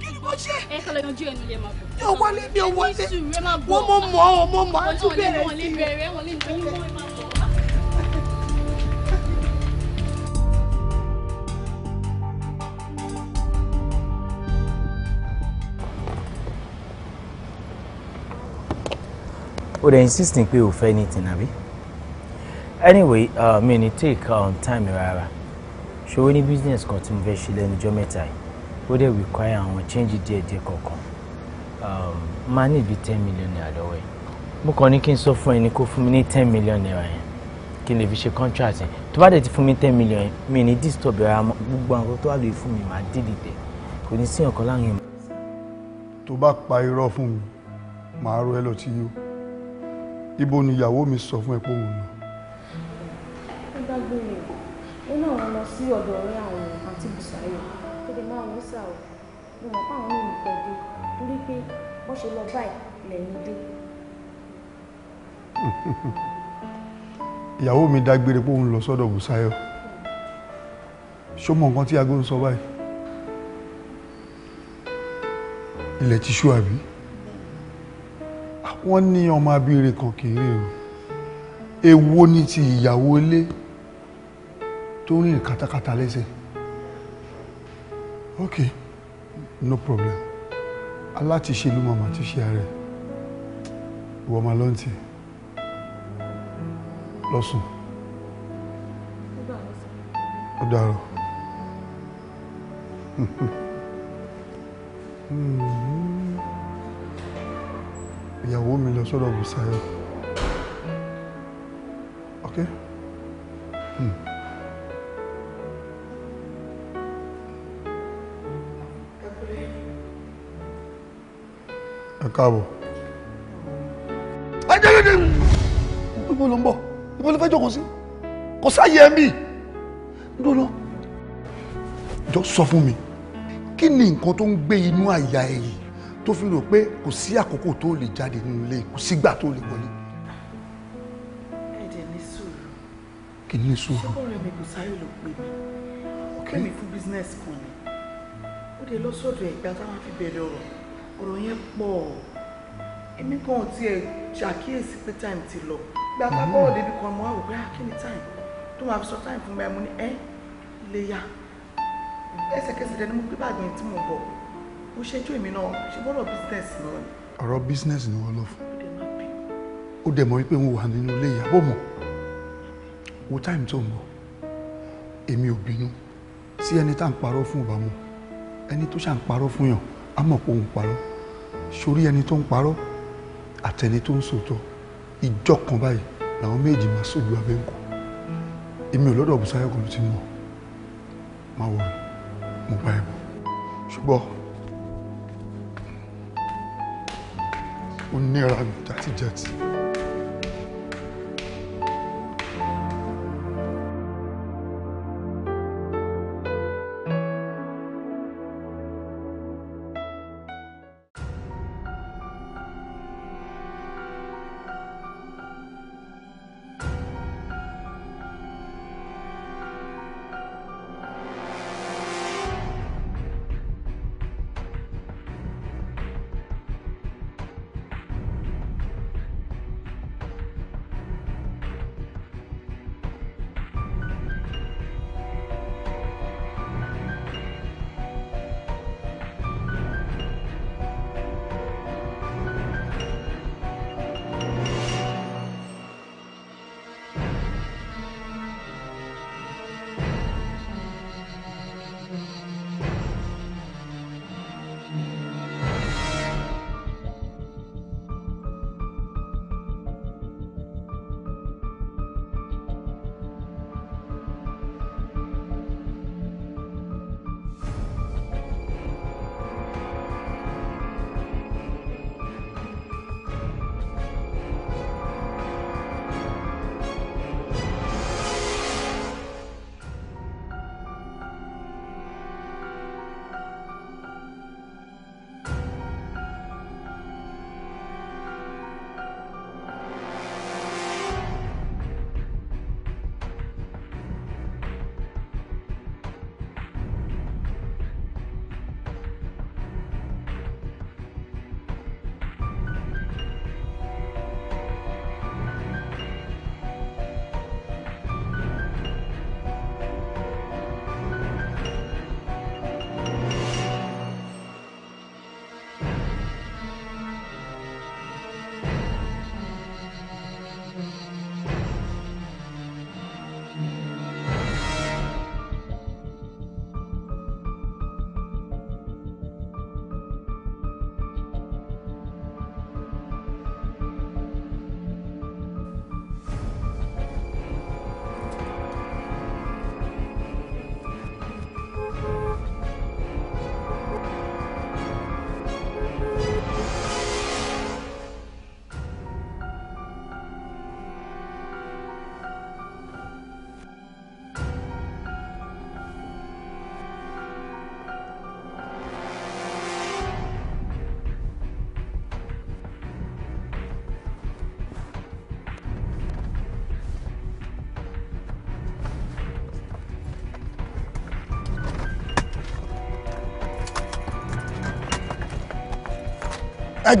kí ni mo ṣe. ẹ kọ́ lọ yanjú ẹnu ilé máa bọ̀. mi
ò wọlé mi ò wọlé
wọ́n mọ̀ ọ́ mo mọ̀
á
o dey insist pé o fẹ́ anything àbí anyway uh, mi ni take um, time rárá ṣòwò ní business kan tí mo fẹ́ ṣe lẹ́nu ọjọ́ mẹ́ta yìí ó dẹ̀ require àwọn change díẹ̀ díẹ̀ kọ̀ọ̀kan um, máa ní ibi ten million naira lọ́wọ́ ẹ̀ mo kàn ní kí n sọ fún ẹni kó fún mi ní ten million naira yẹn kí n lè fi ṣe contract yẹn tó bá dẹ̀ ti fún mi ten million yẹn mi ní disturb ara mọ́ gbogbo àwọn tó wà lóye fún mi máa dìde tẹ̀ kò ní sí ọ̀kan láàrin. tó bá pa irọ́ fún mi màá rọ ẹ lọ sí yóò ibo ni ìyàwó mi sọ fún ẹ pé òun lọ.
ó dágbére ó náà wọn lọ sí ọ̀dọ̀ ọ̀rẹ́ àwọn àti Bùsáyọ̀ kó lè máa wọ́n sà ó mo mọ̀ páwọn náà nìkan dé torí pé wọ́n ṣe lọ báyìí lẹ́yìn dé.
ìyàwó mi dágbére pé òun lọ sọ́dọ̀ Bùsáyọ̀ ṣó nǹkan tí aago ń sọ báyìí ilẹ̀ ti àbí
wọ́n ní ọmọ abíire kan kéré o èwo ni ti ìyàwó ilé tó rìn katakata lẹ́sẹ̀ ok no problem alátiṣe ló máa ti ṣe ààrẹ ìwọ máa lọ ntì lọ́sùn
ó dàrọ̀. Mm-hmm.
ìyàwó mi lọ sọ́dọ̀ Bùsáyọ̀ ok. Hmm.
ẹ káàbọ̀. ajẹ́gẹ́gẹ́ ibo ló ń bọ̀ ibo ló fẹ́ jókòó sí kò sáàyè ẹ̀ ń bì dúró jọ sọ fún mi kí ni nǹkan tó ń gbé inú àyà ẹ yìí tó fi rò pé kò sí àkókò tó lè jáde nínú ilé kò sígbà tó lè wọlé.
ẹ̀dẹ̀ ní sùúrù.
kì í ní sùúrù. ṣọ́kọ̀rẹ́ mi kò sáré ló pè mí pè mí fún business kan ni ó dé lọ sọ́dọ̀ ẹ̀gbá táwọn fi bẹ̀rẹ̀ ọ̀rọ̀ ọ̀rọ̀ yẹn pọ̀ èmi kan tiẹ̀ ṣàkíyèsí pé time ti lọ gba pápáwọ̀ mm. débi kan mọ́ àwòrán pé ah, kí ni time tó máa fi sọ time fún mi ẹ̀ mo ní ẹ́ lè yá ẹsẹ̀kẹsẹ̀ dẹni mo gbé bàgbẹ́ tí mo bọ̀ ó ṣẹ́jú èmi náà ṣe bọ́dọ̀ business náà ni.
ọ̀rọ̀ business ni wọ́n lọ fún ó dẹ̀ mọ̀ wípé mo wà nínú ilé ìyàbọ̀ mọ̀ wo time tó ń bọ̀ èmi ò bínú sí ẹni tá à ń parọ́ fún ọba mu
ẹni tó ṣà ń parọ́ fún yàn á mọ̀ pé òun parọ́ sórí ẹni tó ń parọ́ àtẹni tó ń sòótọ́ ìjọ kan báyìí làwọn méjì máa sójú abẹ́ ń kọ́
èmi ò lọ́dọ̀ Bùsáyọ̀ kan ti mọ̀ máa wọ̀ mo bá ẹ̀ bọ̀ ṣùgbọ́n ó nira àti jẹ ti.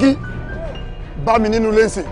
Ṣẹ́gi bá mi nínú lẹ́sìn.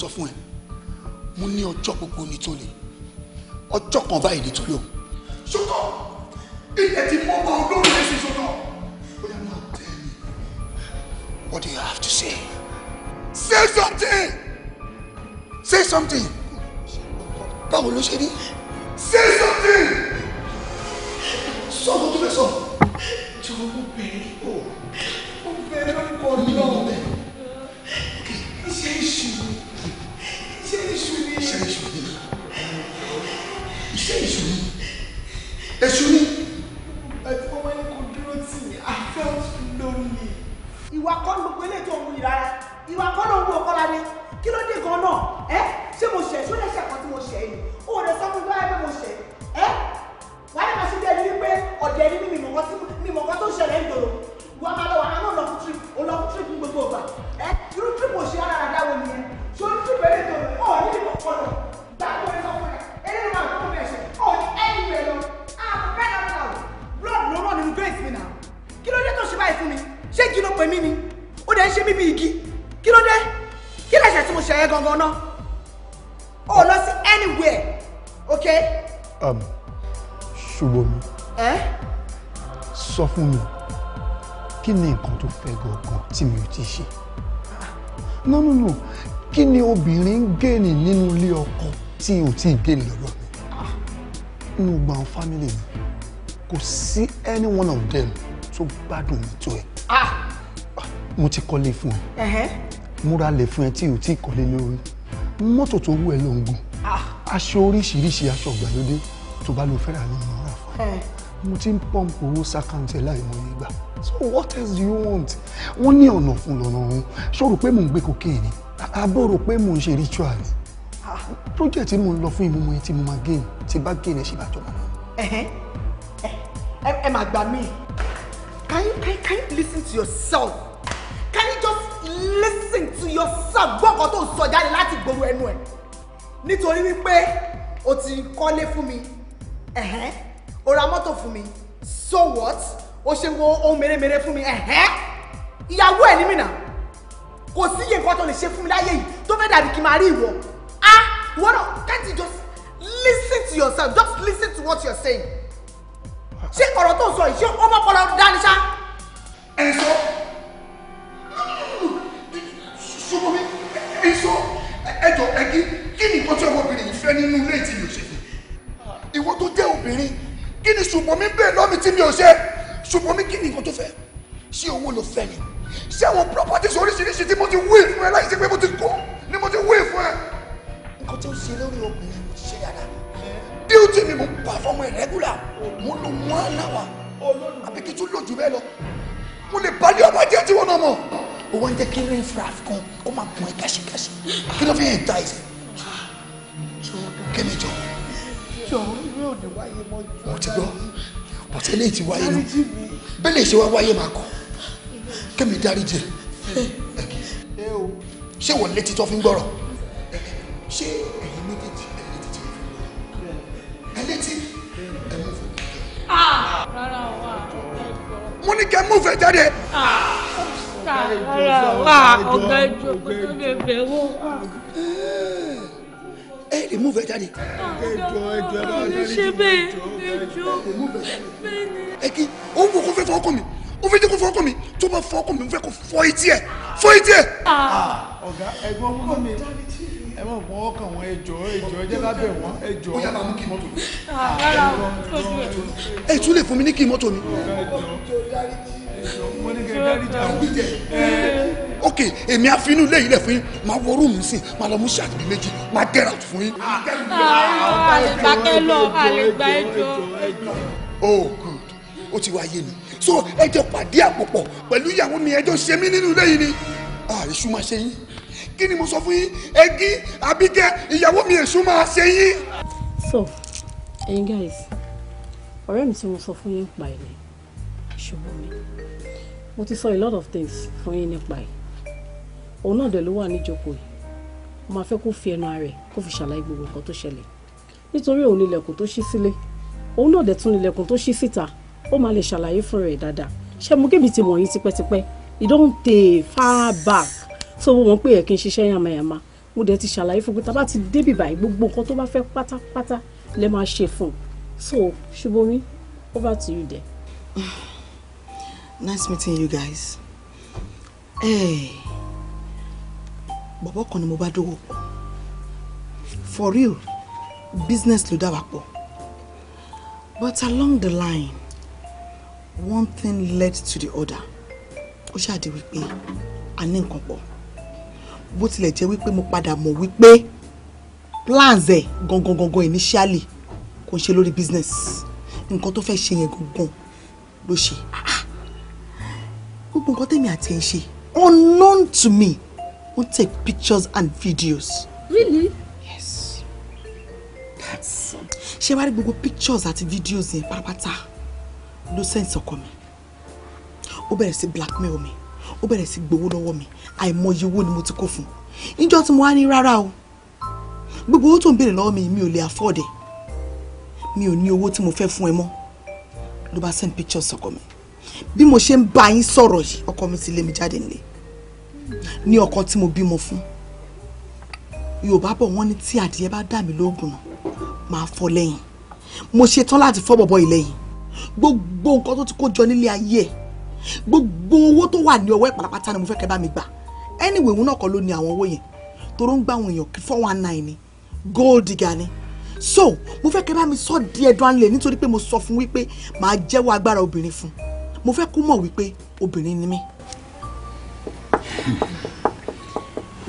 sọ fún ẹ mo ní ọjọ́ gbogbo ní tó le ọjọ́ kan báyìí ní tó lò. sọtọ ilẹ̀ ti mọ́ bá olórí lè ṣe sọtọ. ó yẹ máa tẹ́ mi. What do you have to say? Say something. Say something. báwo ló ṣe rí. Say something. sọ ọmọ tó fẹ́ sọ. jọ̀wọ́ bẹ̀rẹ̀ o. mo bẹ̀rẹ̀ lórúkọ náà. tó fẹ́ gọ̀ọ̀gàn tí mi ò ti ṣe. no no no kí ni obìnrin ń gẹ̀ẹ́nì nínú ilé ọkọ tí ò tí ì gẹ̀ẹ́nì lọ́wọ́ mi. nínú ah, gbọ̀n family mi kò sí any one of them tó gbádùn mi tó ẹ. Ah! Ah, mo ti kọ́lé fún ẹ múra lè fún ẹ tí ò tí ì kọ́lé lórí mọ́tò tó wù ẹ́ ló ń gùn aṣọ oríṣiríṣi aṣọ ìgbàlódé tó bá lo fẹ́ràn ló ń fún ẹ mo ti ń pọ́ǹpù owó sákàǹtì láìmọye ìgbà so what else do you want wọ́n ní ọ̀nà fún lọ́nà ọ̀hún ṣòro pé mò ń gbé cocaine ni àbọ̀rò pé mò ń ṣe ritual ni project tí mò ń lọ fún ìmúmọ yẹn tí mo máa gain tí bá gain ẹ ṣe bá jọba náà. ẹ máa gbà mí can you can you can you listen to yourself can you just listen to yourself gbọ́kàn tó ń sọ jáde láti gbòòrò ẹnu ẹ̀ nítorí wípé o ti kọ́lé fún mi. Uh-huh o ra mọ́tò fún mi so what o ṣe wo ohun mèremère fún mi ẹ̀hẹ́ ìyàwó ẹ̀ ní mi nà kò sí iye nǹkan tó lè ṣe fún mi láyé yìí tó fẹ́ dàbí kí n máa rí ìwọ ah ìwọ náà can't you just listen to yourself just listen to what you're saying ṣé ọ̀rọ̀ tó ń sọ yìí ṣé ọmọ ọpọlọ dání ṣá. ẹ sọ ṣùgbọ́n mi ẹ sọ ẹ jọ ẹ kí kí ni nǹkan tí ọmọbìnrin yìí fẹ́ nínú ilé ìtìlú ṣe ìwọ tó jẹ́ obìnrin kí ni ṣùgbọ́nmi bẹ́ẹ̀ lọ́mi tí mi ò ṣe ṣùgbọ́nmi kí ni nǹkan tó fẹ́ ṣé owó ló fẹ́ ni ṣé àwọn properties oríṣiríṣi tí mo ti wí fún ẹ láì sí pé mo ti kó ni mo ti wí fún ẹ nǹkan tí ó ṣe lórí obìnrin mo ti ṣe dáadáa duty mi mo ń pa fọmọ ẹ regular mo lò one hour àbí kí tún lò jù bẹ́ẹ̀ lọ mo lè balẹ̀ ọba jẹ́ tí wọ́n náà mọ̀ o wá ń jẹ́ kí rain fraff kan kó máa pọn ẹ kẹ́sìkẹ́sì kí ló fi hàn ta ẹsẹ̀ jọ kẹ́mi jọ jọ mo ti gbọ́ bọ̀tẹ́ lè ti wáyé nù bẹ́ẹ̀ lè ṣe wá wáyé máa kọ́ kémi dáríjì ṣé wọ́n létí tó fi ń gbọ́rọ̀
ṣé ẹ̀yin méjèèjì ẹ̀yin létí tó fi ń gbọ́rọ̀ ẹ̀ létí
ẹ̀ mú fún mi. mo ní kẹ́ mú fẹ́ jáde.
rárá wa ọ̀gá ìjọba tó lè
bẹ̀rù ẹ lè mú ìfẹ́ jáde. ẹjọ ẹjọ ẹ bá wà lórí ṣe bẹ́ẹ̀ ẹjọ bẹ́ẹ̀ ni. ẹ kí ó wọ kó fẹ́ fọ́ ọkọ mi ó fẹ́ jẹ́ kó fọ́ ọkọ mi tó bá fọ́ ọkọ mi ó fẹ́ kó fọ́ etí ẹ fọ́ etí ẹ. ọ̀gá ẹ̀gbọ́n mú mi ẹ mọ̀ fún ọkàn wọn ẹjọ ẹjọ ẹjẹ bá bẹ̀ wọ́n ẹjọ. ó yá bá mú kí mọ́tò mi. Ah, ẹ tún lè fún mi ní kí mọ́tò mi. ọ̀gá ẹjọ ok èmi àfinú léyìí lẹ fún yín máa wọ rúùmù sí máa lọ mú ṣáàtì bíi méjì máa gẹ́rà fún yín.
àlègbàkẹ́ lọ àlègbà
ẹjọ́. oh good ó ti wá yé mi so ẹ jẹ́ pàdé àpòpọ̀ pẹ̀lú ìyàwó mi ẹjọ́ ṣe mí nínú léyìí ni èṣù máa ṣe yín kí ni mo sọ fún yín ẹgí àbíkẹ́ ìyàwó mi èṣù máa ṣe yín. so ẹyin
guys ọ̀rẹ́ mi tí mo sọ fún yín pa ẹ̀ ni Ṣùbọ́mi mo ti sọ a lot of things fún yín nípa ẹ̀ òun náà dẹ̀ ló wà níjókòó yìí mo máa fẹ́ kó fi ẹnu ara ẹ̀ kó fi ṣàlàyé gbogbo nǹkan tó ṣẹlẹ̀ nítorí òun nílẹ̀kùn tó ṣí sílé òun náà dẹ̀ tún nílẹ̀kùn tó ṣí síta ó máa lè ṣàlàyé fún rẹ̀ dáadáa ṣé mo kébì ti mọ̀ yín tipẹ́tipẹ́ you don dey far back so mo mọ̀ pé ẹ̀ kí n ṣiṣẹ́ yàmàyàmà mo dẹ̀ ti ṣàlàyé fún pé tá a bá ti débì báyìí gbogbo nǹkan tó bá fẹ́ pátápátá lẹ́ máa ṣe fún un so Ṣùbọ́mi over to you there
nice meeting you guys. Hey, Baba kan ni for real business ló dá but along the line one thing led to the other ó ṣàdé wípé a ní nǹkan pọ̀ bó tilẹ̀ mo pada mo padà plans eh. Gong gong gong gong initially kò ṣe lórí business nǹkan tó fẹ́ gong gong, gangan ló ṣe ah gbogbo nǹkan tèmi àti ẹ̀ ṣe unknown to me wọ́n take pictures and videos. really. yes. that's. ṣé wàá rí gbogbo pictures àti videos yẹn pátápátá ló sẹ́ǹsì ọkọ mi ó bẹ̀rẹ̀ sí blackmail mi ó bẹ̀rẹ̀ sí gbowó lọ́wọ́ mi àìmọye owó ni mo ti kó fún un níjọ́ tí mo wá ní rárá o gbogbo owó tó ń béèrè lọ́wọ́ mi mi ò lè afford ẹ̀ mi ò ní owó tí mo fẹ́ fún ẹ mọ́ ló bá send pictures ọkọ mi bí mo ṣe ń bá yín sọ̀rọ̀ yìí ọkọ mi ti lé mi jáde nílé ní ọkọ tí mo bímọ fún yorùbá bọ̀ wọ́n ní tí adìyẹ bá dà mí lóògùn náà máa fọ́ lẹ́yìn mo ṣe tán láti fọ́ bọ̀bọ̀ ilẹ̀ yìí gbogbo nǹkan tó ti kó jọ nílé ayé ẹ̀ gbogbo owó tó wà ní ọwọ́ ẹ̀ pátápátá ni mo fẹ́ kẹ́ bá mi gbà anyway òun náà kọ́ ló ní àwọn owó yẹn toró ń gbà àwọn èèyàn kí four one nine ni gold digger ni so mo fẹ́ kẹ́ bá mi sọ díẹ̀ dánilẹ̀ nítorí pé mo sọ fún wípé màá jẹ́wọ́ agbára obìnrin fún un mo fẹ́ kó mọ̀ wípé
obìnrin ni mí.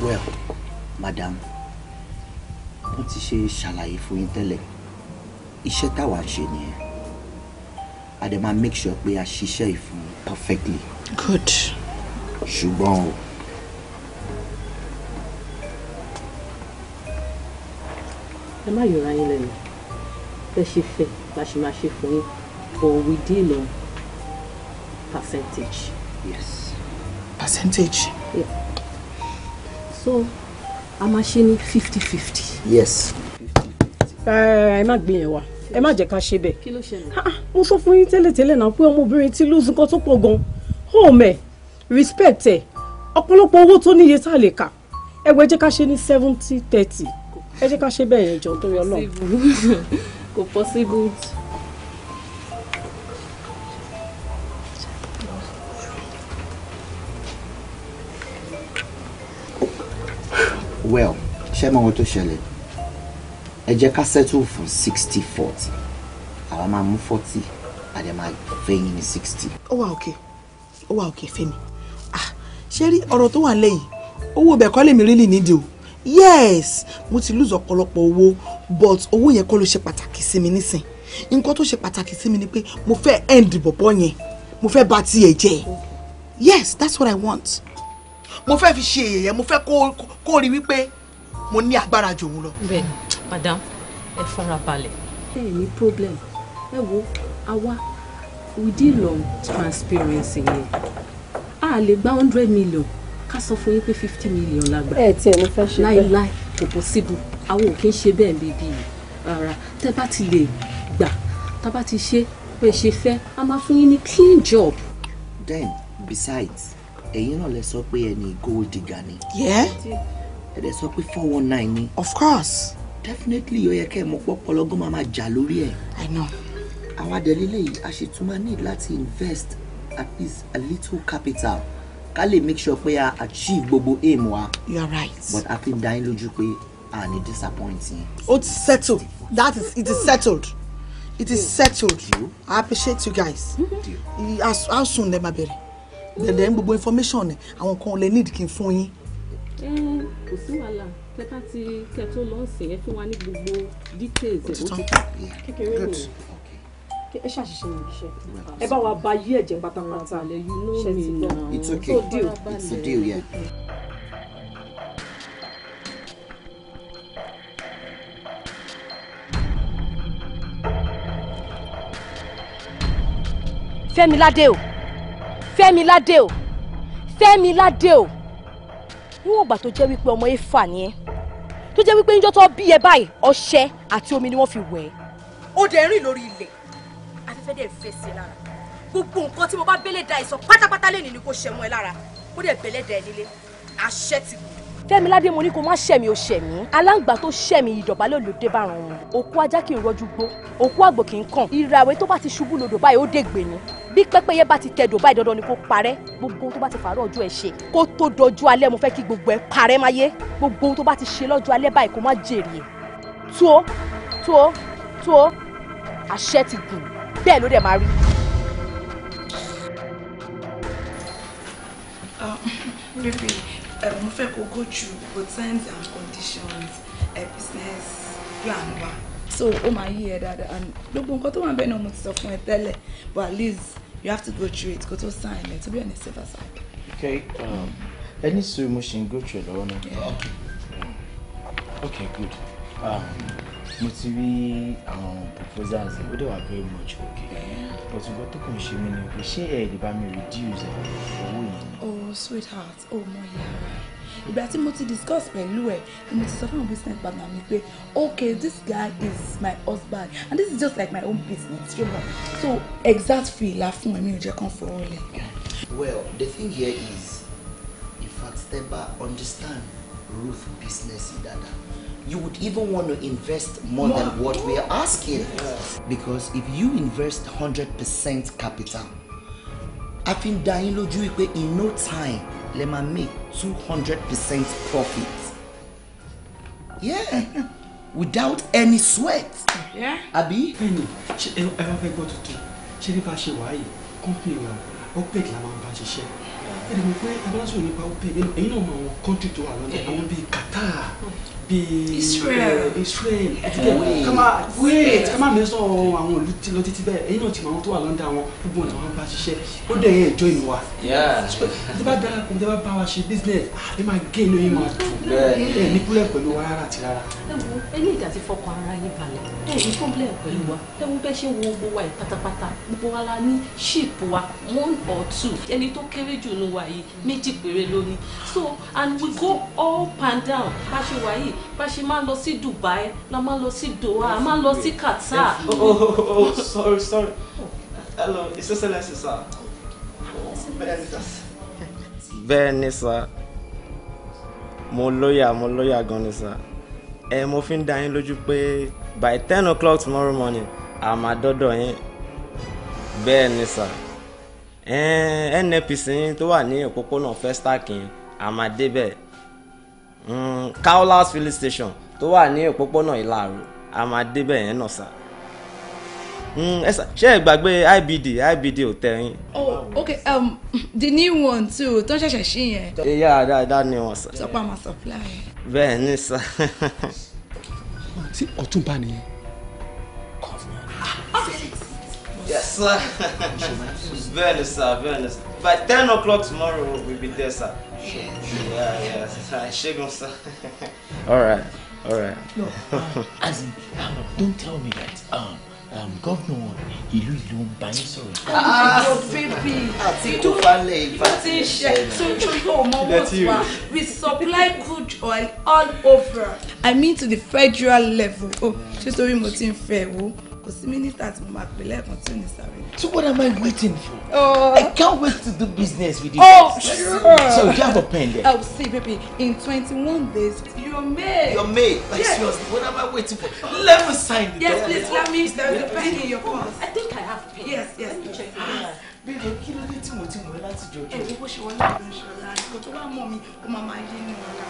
well madam wọ́n ti ṣe ṣàlàyé fún yín tẹ́lẹ̀ iṣẹ́ táwa ń ṣe nìyẹn a dẹ̀ máa make sure pé a ṣiṣẹ́ ìfún perfectly. good. ṣùgbọ́n o.
ẹ má yọra yín lẹ́nu fẹ́ ṣe fẹ́ la ṣe máa ṣe fún yín for within o percentage.
Yes.
Percentage? Yeah. So, a
máa ṣe ní fifty fifty. Yes. Eh, ẹ má gbé yẹn wá. Ẹ má jẹ́ ká ṣe bẹ́ẹ̀. Kí ló ṣẹlẹ̀? Mo sọ fún yín tẹ́lẹ̀tẹ́lẹ̀ náà pé ọmọbìnrin ti lóṣù kan tó pọ̀ gan Home respect ẹ̀, ọ̀pọ̀lọpọ̀ owó tó níye tá a lè kà. Ẹgbẹ́ jẹ́ ká ṣe ní seventy thirty. Ẹ jẹ́ ká ṣe bẹ́ẹ̀ yẹn jọ torí Ọlọ́run. Kò possible.
well ṣé mo wọn tó ṣẹlẹ̀ ẹ jẹ́ ká settle fún sixty forty àwa máa mú forty àdé máa fẹ́yìn ní sixty.
ó wà òkè ó wà òkè Fẹ́mi ah ṣé rí ọ̀rọ̀ tó wà lẹ́yìn owó ibẹ̀ kọ́ lèmi really nídìí o yes mo ti lose ọ̀pọ̀lọpọ̀ owó but owó yẹn kọ́ ló ṣe pàtàkì sí mi nísìn nǹkan tó ṣe pàtàkì sí mi ni pé mo fẹ́ end bọ̀bọ̀ yẹn mo fẹ́ bà tiẹ̀ jẹ́ yes that's what I want mo fẹ́ fi ṣe èyẹ mo fẹ́ kó rí wípé mo ní agbára jù òun lọ. bẹ́ẹ̀ni
madam ẹ fara balẹ̀.
ẹ ní problem
ẹ wo àwa we deal long transparency yẹn a lè gba hundred million ká sọ fún yín pé fifty million la gbà. ẹ tiẹ̀ ló fẹ́ ṣe bẹ́ẹ̀ láìláì kò possible àwọn ò kí ń ṣe bẹ́ẹ̀ bíbí rárá tẹ́ bá ti lè gbà tá bá ti ṣe bẹ́ẹ̀ ṣe fẹ́ a máa fún yín ní clean job.
then besides ẹ̀yin náà lẹ sọ pé ẹni gold digger ni. ẹ dẹ̀ sọ pé four one nine ni. of course. definitely ó yẹ kẹ́ ẹ mọ̀ pọ́pọ́ lọ́gán máa máa jà lórí ẹ̀. i know. àwọn adẹ̀lélẹ̀ yìí a ṣe máa need láti invest at least a little capital ká lè make sure pé a achieve gbogbo aim wa. you are right. but a fi dá yín lójú pé a ní disappoint yín.
ti settle that is it is settled it is settled i appreciate you guys how soon dem abẹ́rẹ́ dẹ̀dẹ̀ ń gbogbo information ni àwọn kan lè need kí n fún yín.
kò sí wàhálà kẹta ti kẹ tó lọ sí ẹ fún wa ní gbogbo details ẹ ó kékeré mi ẹ ṣàṣìṣe ní iṣẹ́ ẹ bá wa ba yí ẹ̀jẹ̀ pátápátá ṣe ti lọ it's
okay it's a deal yeah.
Fẹ́mi Ládé o fẹ́mi ládé
o fẹ́mi ládé o níwọ̀n ìgbà tó jẹ́ wípé ọmọ Ifá ni ẹ́ tó jẹ́ wípé níjọ́ tó bí ẹ báyìí ọṣẹ àti omi ni wọ́n fi wẹ̀ ẹ́. ó dẹ̀ rìn lórí ilẹ̀
afẹ́fẹ́ dẹ̀ fẹ́ sí ẹ lára gbogbo nǹkan tí mo bá bẹ́lẹ̀ da ìsọ pátápátá lẹ́nu ni kò ṣẹ̀ mọ́ ẹ lára ó dẹ̀ bẹ́lẹ̀ da ẹ nílé àṣẹ ti wù
fẹ́mi ládé mo ní kó má ṣẹ̀mí o ṣẹ̀mí aláǹgbá tó ṣẹ̀mí ìjọba ló lò dé báràn wọn òkú ajá kì í rọjú gbó òkú àgbò
kì í kàn ìràwé tó bá ti ṣubú lodò báyìí ó dègbè ni bí pẹ́pẹ́yẹ bá ti tẹ̀dọ̀ báyìí dandan ni kó parẹ́ gbogbo ohun tó bá ti fàárọ̀ ọjọ́ ẹ̀ ṣe kó tó dọjọ́ alẹ́ mo fẹ́ kí gbogbo ẹ̀ parẹ́ máa yé gbogbo ohun tó bá ti ṣe lọ́jọ́ alẹ́ báyìí kó má jèrè tó tó tó àṣẹ ti gùn bẹ́ẹ̀ ló dẹ̀ máa rí. Ah, baby Eh, mo fẹ́ kó go through the terms and conditions eh, business plan wa so ó máa yí ẹ dáadáa and gbogbo nǹkan tó wà bẹ́ẹ̀ náà mo ti sọ fún ẹ tẹ́lẹ̀ but at least you have to go through it kó tó sign it, to be on the
safer side. okay ẹni sùúrù mo ṣì ń go through lọ́wọ́ náà okay good. Um, mo ti rí àwọn proposals ó dẹ̀ wà very much okay but nǹkan tó kàn ṣe mí ni pé ṣé ẹ lè bá mi reduce owó yẹn.
oh sweetheart oh mo yà ara ẹ ìgbà tí mo ti discuss pẹ̀lú ẹ̀ ni mo ti sọ fún àwọn business partner mi pé okay this guy is my husband and this is just like my own business you know so exact fee la fún ẹ̀mí ò jẹ́ kàn fọwọ́ lẹ̀.
well the thing here is in fact, ìfàtẹ́bà understand Ruth business dada you would even want to invest more than what we are asking. Yes. Because if you invest 100% capital, a fi ń dá yín lójú in no time let me make 200% profit. Yeah. Without any sweat. Yeah. Àbí? Bẹ́ẹ̀ni,
ṣe ẹ bá fẹ́ gbọ́ tuntun, ṣé nípa ṣe wáyé, company wa, OPEC la máa ń bá ṣiṣẹ́ ẹ̀rọ pé abáṣọ nípa OPEC ẹ̀yin náà mọ àwọn kọ́ńtì tó wà lọ́dẹ̀ àwọn bíi Qatar bíi Israel eh, Israel ẹtìkẹ kama wait kama mi sọ àwọn ìlú ti lọ títí bẹ́ẹ̀ èyí náà ti mọ àwọn tó wà lọ́ndà wọn gbogbo ọ̀nà wọn bá ṣiṣẹ́ ó dẹ̀ yẹn ìjọ ìwà tí bá dára kò tí bá bá wa ṣe business àbí máa gé inú yín máa dùn ẹ ní kúlẹ̀ pẹ̀lú wa rárá àti
rárá.
ẹ ní ìdá ti fọkàn ara yín balẹ̀ ẹ ní kúlẹ̀ pẹ̀lú wa ẹ wo bẹ́ẹ̀ ṣe wo gbogbo wa ìpátápátá gbogbo wa la ní ship wa one or two ẹni tó kéré jù nù wa yìí méjì péré lónìí so and we go all pan down bá ṣe wà yìí bá ṣe máa ń lọ sí Dubai la máa ń lọ sí Doha a máa ń lọ sí Qatar. Oh, oh,
oh, oh sorry sorry hello it's excellence sir. bẹ́ẹ̀ ni sá mo lóyà mo lóyà gan ni sá ẹ mo fi ń dá yín lójú pé by ten o'clock tomorrow morning a máa dọ́dọ̀ yín bẹ́ẹ̀ ni sá nnpc yín tó wà ní òpópónà Festac yín a máa débẹ̀. Mm, Kaolas filling station tó wà ní òpópónà ìlàrú a máa débẹ̀ yẹn náà mm, sá ṣé ẹ gbàgbé IBD IBD ò tẹ̀yìn.
oh okay um, the new one too tó ṣẹ̀ṣẹ̀ ṣí yẹn.
ìyá dáadáa ni wọn sọ. sọpá máa supply. bẹ́ẹ̀ ni sá. sí ọ̀túnba nìyẹn.
Yes, sir. Very, sir. Very, sir. By ten
o'clock tomorrow, we'll be there, sir. Yeah, yeah.
All right. All right. No, um, as
in, um, don't tell me that um, um, governor ìlú ìlú ń bá yín sọ̀rọ̀.
àjọ ah,
bébì àti tó falẹ̀
ìbátí ṣe tuntun yóò mọ wọ́n wá we supply crude oil all over. I mean to the federal level. oh just torí mo ti ń fẹ́ kò sí mínísítà tí mo máa pè lẹ́ẹ̀kan tí ò ní sáré.
so what am I waiting for? Uh, I can't wait to do business
with you. oh sure so you have a pen there. I oh, will see baby in twenty-one days you're made. you're made like yes. seriously
what am I waiting for? let me sign the yes, document. yes please let me let me pen
in your purse. I think I have pen. yes yes bẹ́ẹ̀ kí ló dé tí mo ti mọ̀ ẹ́ láti jọjọ. ẹ ṣe wọlé ìlú ìṣọlá nǹkan tó bá mọ̀ mi ó máa máa yé nínú ara